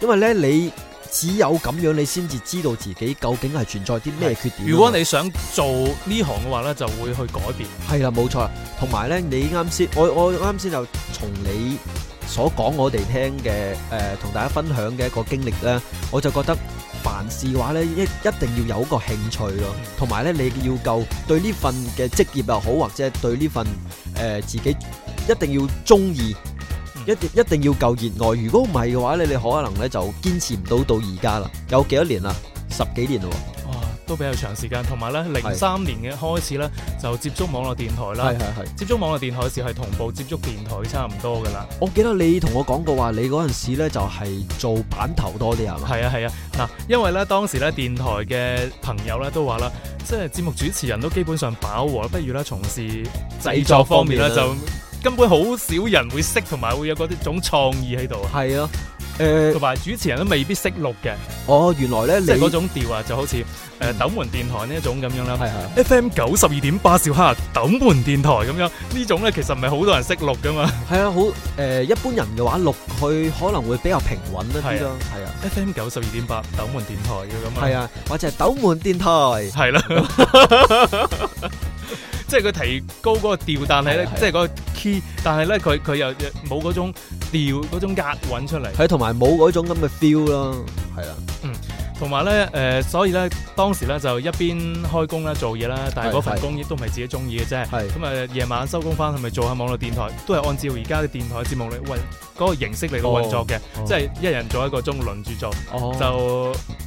因為咧，你只有咁樣，你先至知道自己究竟係存在啲咩缺點。如果你想做呢行嘅話咧，就會去改變。係啦，冇錯。同埋咧，你啱先，我我啱先就從你所講我哋聽嘅，誒，同大家分享嘅一個經歷咧，我就覺得凡事嘅話咧，一一定要有一個興趣咯。同埋咧，你要夠對呢份嘅職業又好，或者對呢份誒自己，一定要中意。一一定要夠熱愛，如果唔係嘅話咧，你可能咧就堅持唔到到而家啦。有幾多年啦？十幾年咯。哇、哦，都比較長時間，同埋咧零三年嘅開始咧就接觸網絡電台啦。係係係。接觸網絡電台嗰時候係同步接觸電台差唔多噶啦。我記得你同我講過話，你嗰陣時咧就係做版頭多啲係嘛？係啊係啊。嗱、啊，因為咧當時咧電台嘅朋友咧都話啦，即係節目主持人都基本上飽和，不如咧從事製作方面啦就、嗯。根本好少人會識，同埋會有嗰啲種創意喺度。係啊，誒，同埋主持人都未必識錄嘅。哦，原來咧，即係嗰種調啊，就好似誒斗門電台呢一種咁樣啦。係係。F M 九十二點八兆赫斗門電台咁樣呢種咧，其實唔係好多人識錄噶嘛。係啊，好誒，一般人嘅話錄佢可能會比較平穩一啲咯。係啊。F M 九十二點八斗門電台嘅咁嘛。係啊，或者係斗門電台。係啦。即係佢提高嗰個調，但係咧，即係嗰個 key，但係咧，佢佢又冇嗰種調嗰種押韻出嚟。係，同埋冇嗰種咁嘅 feel 咯。係啦，嗯，同埋咧，誒、呃，所以咧，當時咧就一邊開工啦，做嘢啦，但係嗰份工亦都唔係自己中意嘅啫。係，咁、嗯、誒，夜晚收工返係咪做下網絡電台？都係按照而家嘅電台節目嚟運嗰個形式嚟到運作嘅、哦，即係一人做一個鐘輪住做、哦，就。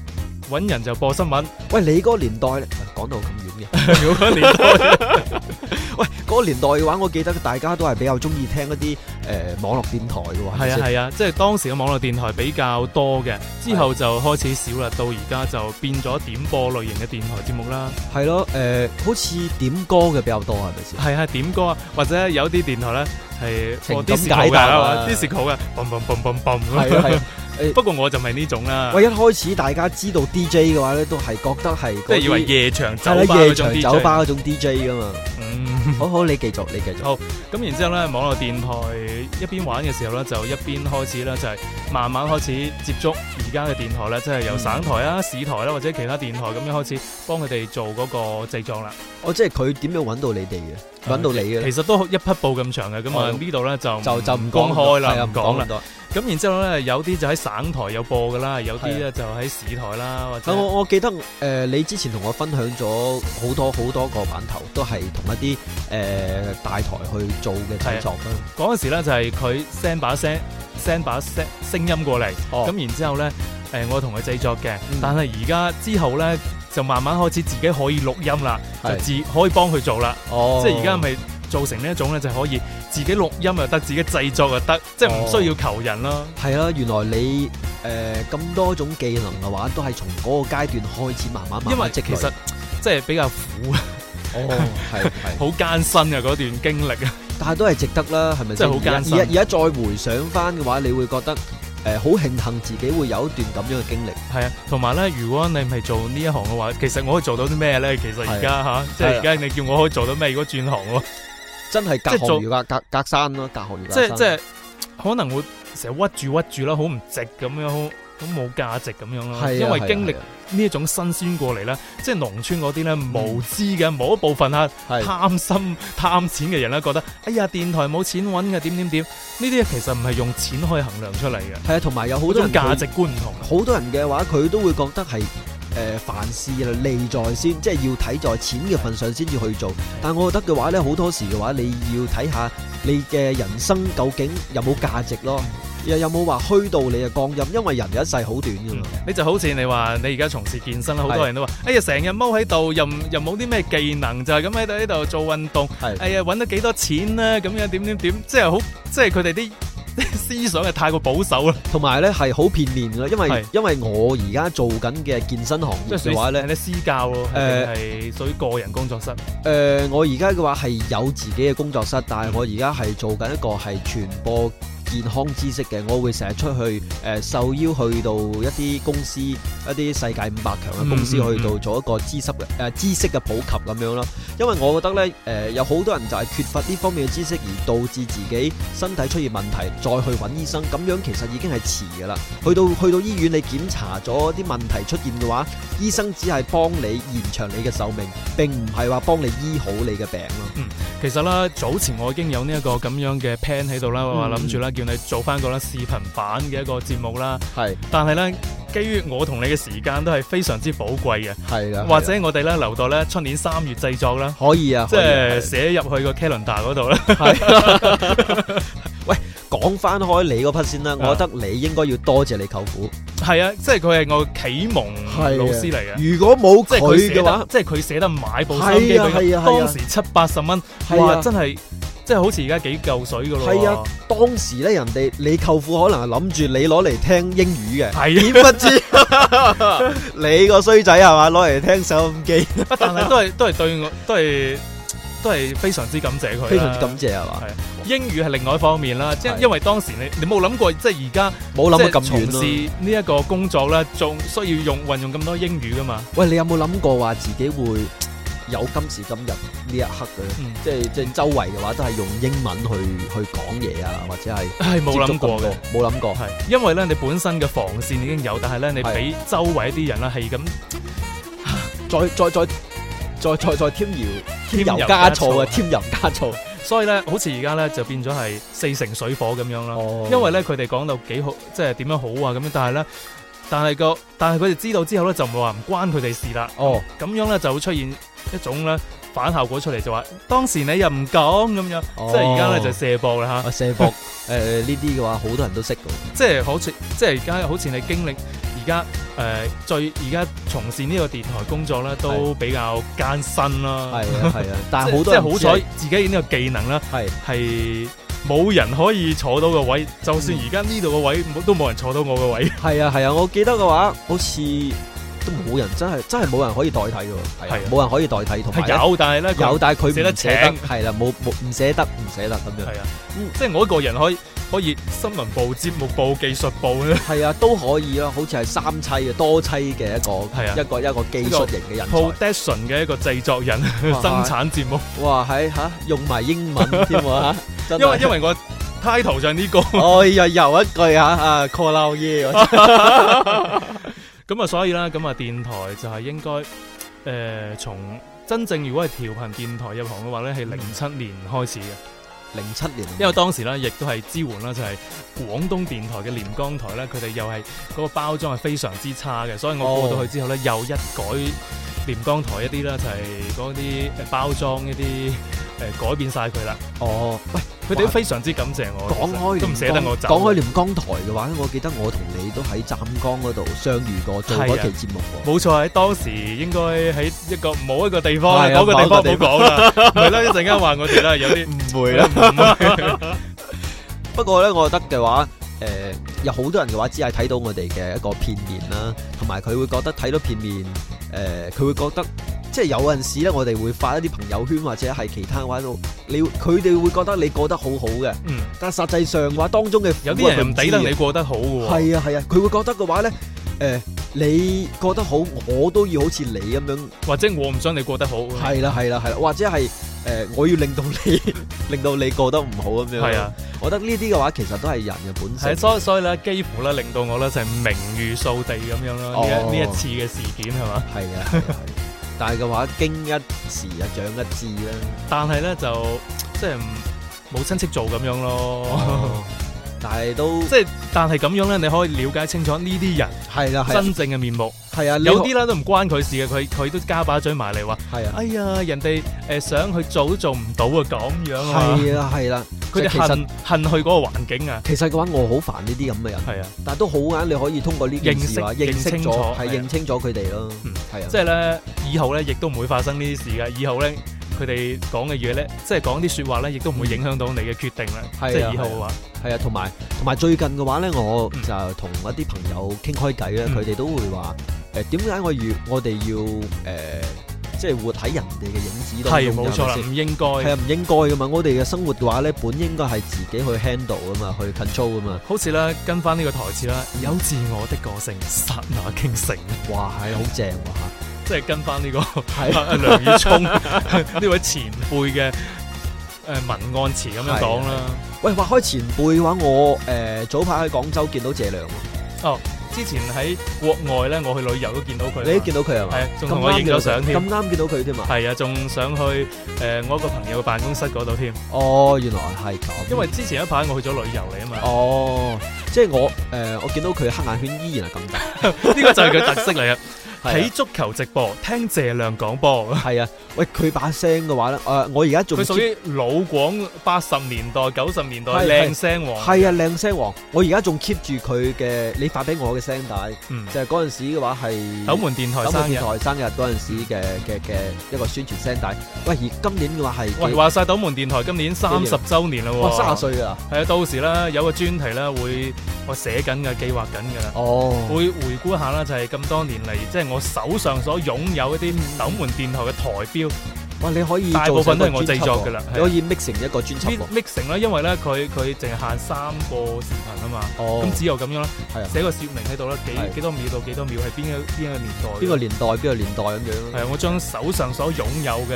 搵人就播新聞。喂，你嗰個年代咧，講到咁遠嘅。 喂，嗰、嗰個年代嘅話，我記得大家都係比較鍾意聽嗰啲誒網絡電台嘅喎。係啊係啊，即係、啊就係、當時嘅網絡電台比較多嘅，之後就開始少啦，到而家就變咗點播類型嘅電台節目啦。係咯、啊呃，好似點歌嘅比較多係咪先？係啊，點歌啊，或者有啲電台咧係放啲時啲時刻嘅，嘣嘣欸、不過我就唔係呢種啦。喂，一開始大家知道 DJ 嘅話咧，都係覺得係即係以為夜場酒吧嗰種 DJ 噶嘛。嗯，好好，你繼續，你繼續。好，咁然之後咧，網絡電台一邊玩嘅時候咧，就一邊開始呢，就係、是、慢慢開始接觸而家嘅電台咧，即、就、係、是、由省台啊、市台啦、啊、或者其他電台咁樣開始幫佢哋做嗰個製作啦。哦、嗯嗯，即係佢點樣搵到你哋嘅？搵、嗯、到你嘅？其實都一匹布咁長嘅咁啊！呢度咧就就就唔公開啦，唔講啦。咁然之後咧，有啲就喺省台有播㗎啦，有啲咧就喺市台啦，或者。我、哦、我記得誒、呃，你之前同我分享咗好多好多個版頭都，都係同一啲誒大台去做嘅製作咯。嗰時咧就係佢 send 把聲，send 把聲聲音過嚟，咁、哦、然後呢、呃嗯、之後咧我同佢製作嘅。但係而家之後咧，就慢慢開始自己可以錄音啦，就自可以幫佢做啦。哦，即係而家係咪做成呢一種咧，就可以。自己錄音又得，自己製作又得，即係唔需要求人咯。係、哦、啊，原來你誒咁、呃、多種技能嘅話，都係從嗰個階段開始慢慢慢慢積累。因為其實即係比較苦啊，哦係係好艱辛啊嗰段經歷啊，但係都係值得啦，係咪？即係好艱辛。而而家再回想翻嘅話，你會覺得誒好慶幸自己會有一段咁樣嘅經歷。係啊，同埋咧，如果你唔係做呢一行嘅話，其實我可以做到啲咩咧？其實而家吓，即係而家你叫我可以做到咩、啊？如果轉行喎、啊？真係隔河如隔隔隔山咯，隔河如隔山。即係即係可能我成日屈住屈住啦，好唔值咁樣，好冇價值咁樣咯。因為經歷呢一種辛酸過嚟呢、啊啊啊，即係農村嗰啲呢，無知嘅某、嗯、一部分啊，貪心貪錢嘅人呢，覺得哎呀電台冇錢揾嘅，點點點呢啲其實唔係用錢可以衡量出嚟嘅。係啊，同埋有好多種價值觀唔同，好多人嘅話佢都會覺得係。誒、呃，凡事啦，利在先，即係要睇在錢嘅份上先至去做。但係我覺得嘅話咧，好多時嘅話，你要睇下你嘅人生究竟有冇價值咯，又有冇話虛度你嘅光陰？因為人有一世好短㗎嘛、嗯。你就好似你話，你而家從事健身啦，好多人都話，哎呀成日踎喺度，又又冇啲咩技能就係咁喺度喺度做運動。係，哎呀揾咗幾多少錢啦、啊？咁樣點點點，即係好，即係佢哋啲。 思想係太過保守啦，同埋咧係好片面噶，因為因為我而家做緊嘅健身行業嘅話咧，你私教誒係屬於個人工作室。誒、呃，我而家嘅話係有自己嘅工作室，但係我而家係做緊一個係傳播健康知識嘅，我會成日出去誒、呃、受邀去到一啲公司，一啲世界五百強嘅公司、嗯、去到做一個知識嘅知識嘅普及咁樣咯。因為我覺得呢，誒、呃、有好多人就係缺乏呢方面嘅知識，而導致自己身體出現問題，再去揾醫生，咁樣其實已經係遲嘅啦。去到去到醫院，你檢查咗啲問題出現嘅話，醫生只係幫你延長你嘅壽命，並唔係話幫你醫好你嘅病咯、嗯。其實啦，早前我已經有呢、呢、一個咁樣嘅 plan 喺度啦，我話諗住啦。嚟做翻個啦，視頻版嘅一個節目啦，係，但係咧，基於我同你嘅時間都係非常之寶貴嘅，係噶，或者我哋咧留到咧出年三月製作啦，可以啊，即係寫入去個 calendar 嗰度啦。係， 喂，講翻開你嗰筆先啦，我覺得你應該要多謝你舅父，係啊，即係佢係我啟蒙老師嚟嘅。如果冇佢嘅話，即係佢捨得買部手機，係啊，係啊，當時七八十蚊，哇，真係。即係好似而家幾舊水噶咯喎！係啊，當時咧，人哋你舅父可能係諗住你攞嚟聽英語嘅，點不知你個衰仔係嘛？攞嚟聽收音機，但係都係都係對我都係都係非常之感謝佢，非常之感謝係嘛？英語係另外一方面啦，即係因為當時你你冇諗過，即係而家冇諗過咁遠咯。從事呢一個工作咧，仲需要用運用咁多英語噶嘛？喂，你有冇諗過話自己會？有今時今日呢一刻嘅，嗯，即係即係周圍嘅話，都係用英文去去講嘢啊，或者係冇諗過嘅，冇諗過。係因為咧，你本身嘅防線已經有，但係咧，是的你俾周圍啲人啦，係咁 再再再再再，再添油添油加醋啊，添油加醋。添添加醋加醋，所以咧，好似而家咧就變咗係勢成水火咁樣啦。哦、因為咧，佢哋講到幾好，即係點樣好啊咁樣，但係咧，但係個但係佢哋知道之後咧，就唔會話唔關佢哋事啦。哦，咁樣呢，咁樣咧就會出現。一種咧，反效果出嚟就話，當時你又唔講咁樣，哦、即係而家咧就卸膊啦嚇。卸膊誒，呢啲嘅話，好多人都識到，即係好似即係而家，好似你經歷而家誒最而家從事呢個電台工作咧，都比較艱辛啦。係係啊，啊，啊，但係好多人 即係好彩自己呢個技能啦，係係冇人可以坐到個位、嗯，就算而家呢度個位都冇人坐到我嘅位。係啊係啊，我記得嘅話好似。都冇人，真係真係冇人可以代替喎，係冇、啊、人可以代替，同埋有，有，但係咧，有但係佢唔捨得，係啦，冇冇唔捨得，唔捨得咁樣，咁、嗯、即係我一個人可以可以新聞部、節目部、技術部咧，係啊，都可以啦，好似係三妻嘅多妻嘅一個，係啊，一個一個技術型嘅人 production 嘅一個製作人，啊、生產節目，哇，係嚇、啊，用埋英文添喎、 啊，因為因為我 title 上呢個，哎呀，又一句嚇啊 call 撈嘢。咁啊，所以啦，咁啊，電台就係應該誒，從、呃、真正如果係調頻電台入行嘅話咧，係零七年開始嘅。零七年，因為當時咧，亦都係支援啦，就係、是、廣東電台嘅廉江台咧，佢哋又係嗰、那個包裝係非常之差嘅，所以我過到去之後咧，又一改廉江台一啲啦，就係嗰啲包裝一啲誒、呃、改變晒佢啦。哦，喂，佢哋都非常之感謝我，咁唔捨得我走。講開廉江台嘅話咧，我記得我同你都喺湛江嗰度相遇過，做過一期節目。冇、啊、錯，喺當時應該喺一個某一個地方，某、啊那個地方冇講啦，係 啦，一陣間話我哋啦，有啲誤會啦、啊。 不過咧，我覺得嘅話，誒、呃，有好多人嘅話只係睇到我哋嘅一個片面啦，同埋佢會覺得睇到片面，誒、呃，佢會覺得即係有陣時咧，我哋會發一啲朋友圈或者係其他嘅話，你佢哋會覺得你過得好好嘅，嗯、但實際上話當中嘅有啲人唔抵得你過得好嘅，係啊係啊，佢會覺得嘅話咧，誒、呃，你過得好，我都要好似你咁樣，或者我唔想你過得好，係啦係啦係啦，或者係。誒、呃，我要令到你，令到你過得唔好咁樣。係啊，我覺得呢啲嘅話，其實都係人嘅本性。係、啊，所以所以咧，幾乎咧令到我咧就係名譽掃地咁樣咯。呢、哦、一呢一次嘅事件係嘛？係啊，啊， 啊，啊，但係嘅話，經一事啊，長一智啦。但係咧就即係冇親戚做咁樣咯。哦 但係都即係，但係咁樣咧，你可以了解清楚呢啲人係啦，真正嘅面目係啊，啊，啊。有啲啦都唔關佢事嘅，佢佢都加把嘴埋嚟話係啊。哎呀，人哋誒、呃、想去做都做唔到嘅是啊，咁樣啊，係，啊係啦。佢哋恨恨去嗰個環境啊。其實嘅話，我好煩呢啲咁嘅人。係啊，但係都好啱。你可以通過呢啲事話認，識認清，清楚，係、啊、認清楚佢哋咯。係啊，啊、嗯、啊，即係咧，以後咧亦都唔會發生呢啲事嘅。以後咧。佢哋講嘅嘢咧，即係講啲説話咧，亦都唔會影響到你嘅決定啦、嗯。即係以後嘅話，係啊，同埋同埋最近嘅話咧，我就同一啲朋友傾開偈咧，佢、嗯、哋都會話誒，點解我越我哋要誒、呃、即係活喺人哋嘅影子度？係冇錯啦，唔、就是、應該係啊，唔應該㗎嘛。我哋嘅生活嘅話咧，本應該係自己去 handle 㗎嘛，去 control 㗎嘛。好似咧跟翻呢個台詞啦、嗯，有自我的個性，剎那傾城，哇係好正嚇！即係跟翻呢個梁宇聰呢位前輩嘅誒文案詞咁樣講啦。喂，話開前輩嘅話，我誒、呃、早排喺廣州見到謝良。哦，之前喺國外咧，我去旅遊都見到佢。你都見到佢係嘛？係，仲同我影咗相添。咁啱見到佢添啊！係啊，仲想去誒、呃、我一個朋友嘅辦公室嗰度添。哦，原來係咁。因為之前一排我去咗旅遊嚟啊嘛。哦，即係我誒、呃，我見到佢黑眼圈依然係咁大，呢個就係佢特色嚟啊！睇、啊、足球直播，聽謝亮講波。係啊，喂，佢把聲嘅話咧、啊，我我而家仲佢屬於老廣八十年代九十年代靚聲王。係啊，靚聲王。我而家仲 keep 住佢嘅，你發俾我嘅聲帶，嗯、就係、是、嗰陣時嘅話係。斗門電台生日。斗門電台生日嗰陣時嘅嘅嘅一個宣傳聲帶。喂，而今年嘅話係。喂，話晒，斗門電台今年三十週年啦喎、哦。三十歲了啊！係啊，到時咧有個專題咧會我寫緊嘅計劃緊嘅啦。哦。會回顧一下啦，就係、是、咁多年嚟，即我手上所擁有一啲斗門電台嘅台標，哇！你可以大部分都係我製作噶啦，可以 mix 成一個專輯。mix 成啦，因為咧佢佢淨係限三個視頻啊嘛，哦咁只有咁樣啦。係啊，寫個說明喺度啦，幾幾多秒到幾多秒係邊一邊一個年代，邊個年代邊個年代咁樣。係啊，我將手上所擁有嘅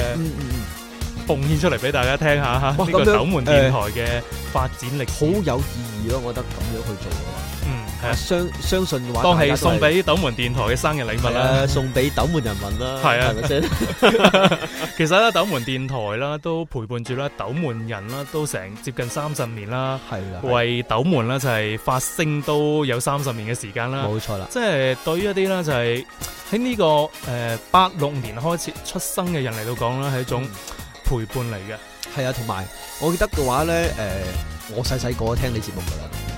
奉獻出嚟俾大家聽下嚇。哇！咁樣，誒，呢個斗門電台嘅發展力好有意義咯，我覺得咁樣去做嘅話。嗯。係啊，相相信嘅話，當係送俾斗門電台嘅生日禮物啦，啊，送俾斗門人民啦，係啊，係咪先？ 其實咧，斗門電台啦，都陪伴住啦斗門人啦，都成接近三十年啦，係啦，啊啊，為斗門啦就係、是、發聲都有三十年嘅時間啦，冇錯啦。即係、啊就是、對於一啲咧就係喺呢個誒八六年開始出生嘅人嚟到講咧，係一種陪伴嚟嘅。係啊，同埋，我記得嘅話咧，誒、呃，我細細個聽你節目噶啦。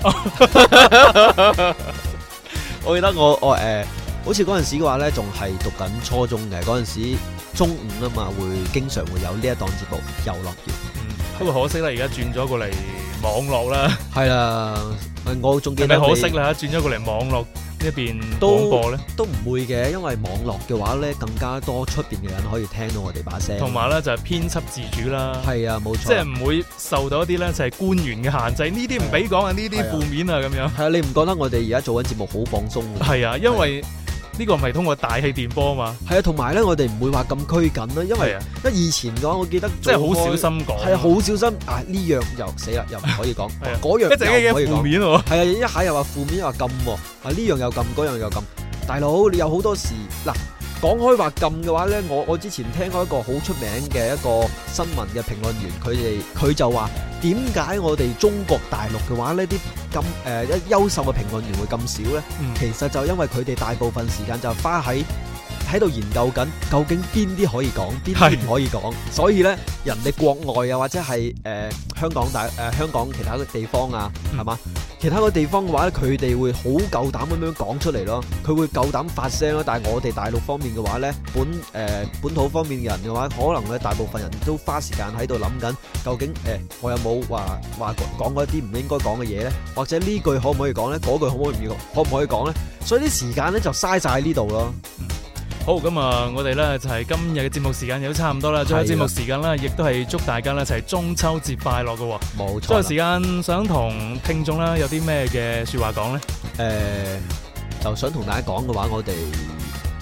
我記得我我誒、呃，好似嗰陣時嘅話咧，仲係讀緊初中嘅嗰陣時，中午啊嘛，會經常會有呢一檔節目《遊樂園》。嗯，是不過可惜啦，而家轉咗過嚟網絡啦。係 啦、啊，我仲記得是不是可惜啦，吓轉咗過嚟網絡。一邊播呢都都唔會嘅，因為網絡嘅話咧，更加多出面嘅人可以聽到我哋把聲。同埋咧就係、是、編輯自主啦，係啊，冇錯，即係唔會受到一啲咧就係、是、官員嘅限制。呢啲唔俾講啊，呢啲負面啊咁樣。係啊，你唔覺得我哋而家做緊節目好放鬆？係啊，因為、啊。呢、這個唔係通過大氣電波嘛？係啊，同埋咧，我哋唔會話咁拘謹咯，因為、啊、因為以前嘅話，我記得真係好小心講，係啊，好小心。啊，呢樣又死啦，又唔可以講，嗰、啊啊、樣又唔可以講，係啊，啊，一下又話負面，又話禁喎。啊，呢樣又禁，嗰樣又禁。大佬，你有好多事嗱。講開話禁嘅話呢，我我之前聽過一個好出名嘅一個新聞嘅評論員，佢哋佢就話，點解我哋中國大陸嘅話呢啲咁誒一優秀嘅評論員會咁少呢？嗯，其實就因為佢哋大部分時間就花喺喺度研究緊，究竟邊啲可以講，邊啲唔可以講。所以咧，人哋國外啊，或者係誒、呃、香港大誒、呃、香港其他嘅地方啊，係嘛、嗯？其他嘅地方嘅話咧，佢哋會好夠膽咁樣講出嚟咯。佢會夠膽發聲咯。但係我哋大陸方面嘅話咧，本誒、呃、本土方面嘅人嘅話，可能咧大部分人都花時間喺度諗緊，究竟誒、呃、我有冇話話講一啲唔應該講嘅嘢咧？或者呢句可唔可以講咧？嗰句可唔可以可唔可以講咧？所以啲時間咧就嘥晒喺呢度咯。好咁啊！我哋咧就係、是、今日嘅節目時間亦都差唔多啦，即係節目時間咧，亦都係祝大家咧一齊中秋節快樂嘅、哦。冇錯。呢個時間想同聽眾咧有啲咩嘅說話講咧？誒、呃，就想同大家講嘅話，我哋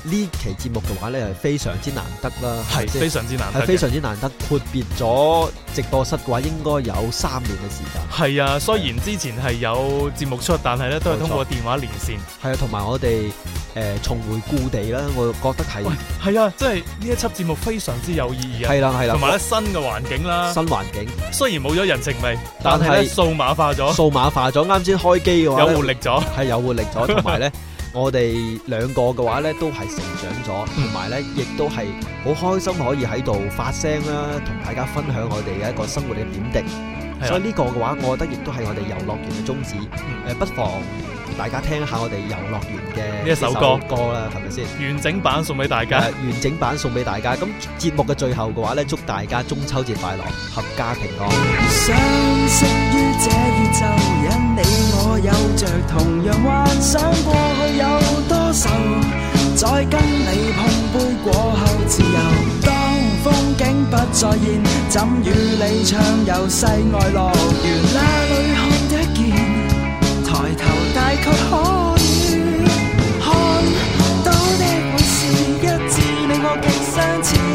呢期節目嘅話咧係非常之難得啦，係非常之難得，係非常之難得闊別咗直播室嘅話，應該有三年嘅時間。係啊，雖然之前係有節目出，但係咧都係通過電話連線。係啊，同埋我哋。誒、呃，重回故地啦，我覺得係。係啊，即係呢一輯節目非常之有意義啊。係啦、啊，係啦、啊。同埋新嘅環境啦。新環境。雖然冇咗人情味，但係咧，數碼化咗。數碼化咗。啱先開機嘅話，有活力咗。係有活力咗，同埋呢， 我哋兩個嘅話呢都係成長咗，同埋呢亦都係好開心可以喺度發聲啦，同大家分享我哋嘅一個生活嘅點滴。啊、所以呢個嘅話，我覺得亦都係我哋遊樂園嘅宗旨。誒、嗯呃，不妨。大家聽下我哋遊樂園嘅呢一首歌歌啦，係咪先？完整版送俾大家。完整版送俾大家。咁節目嘅最後嘅話呢，祝大家中秋節快樂，合家平安。卻可以看到的會是一致，你我極相似。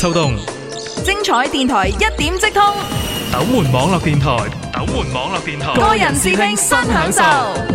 秋冬精彩電台一點即通，斗門網絡電台，斗門網絡電台，個人視聽新享受。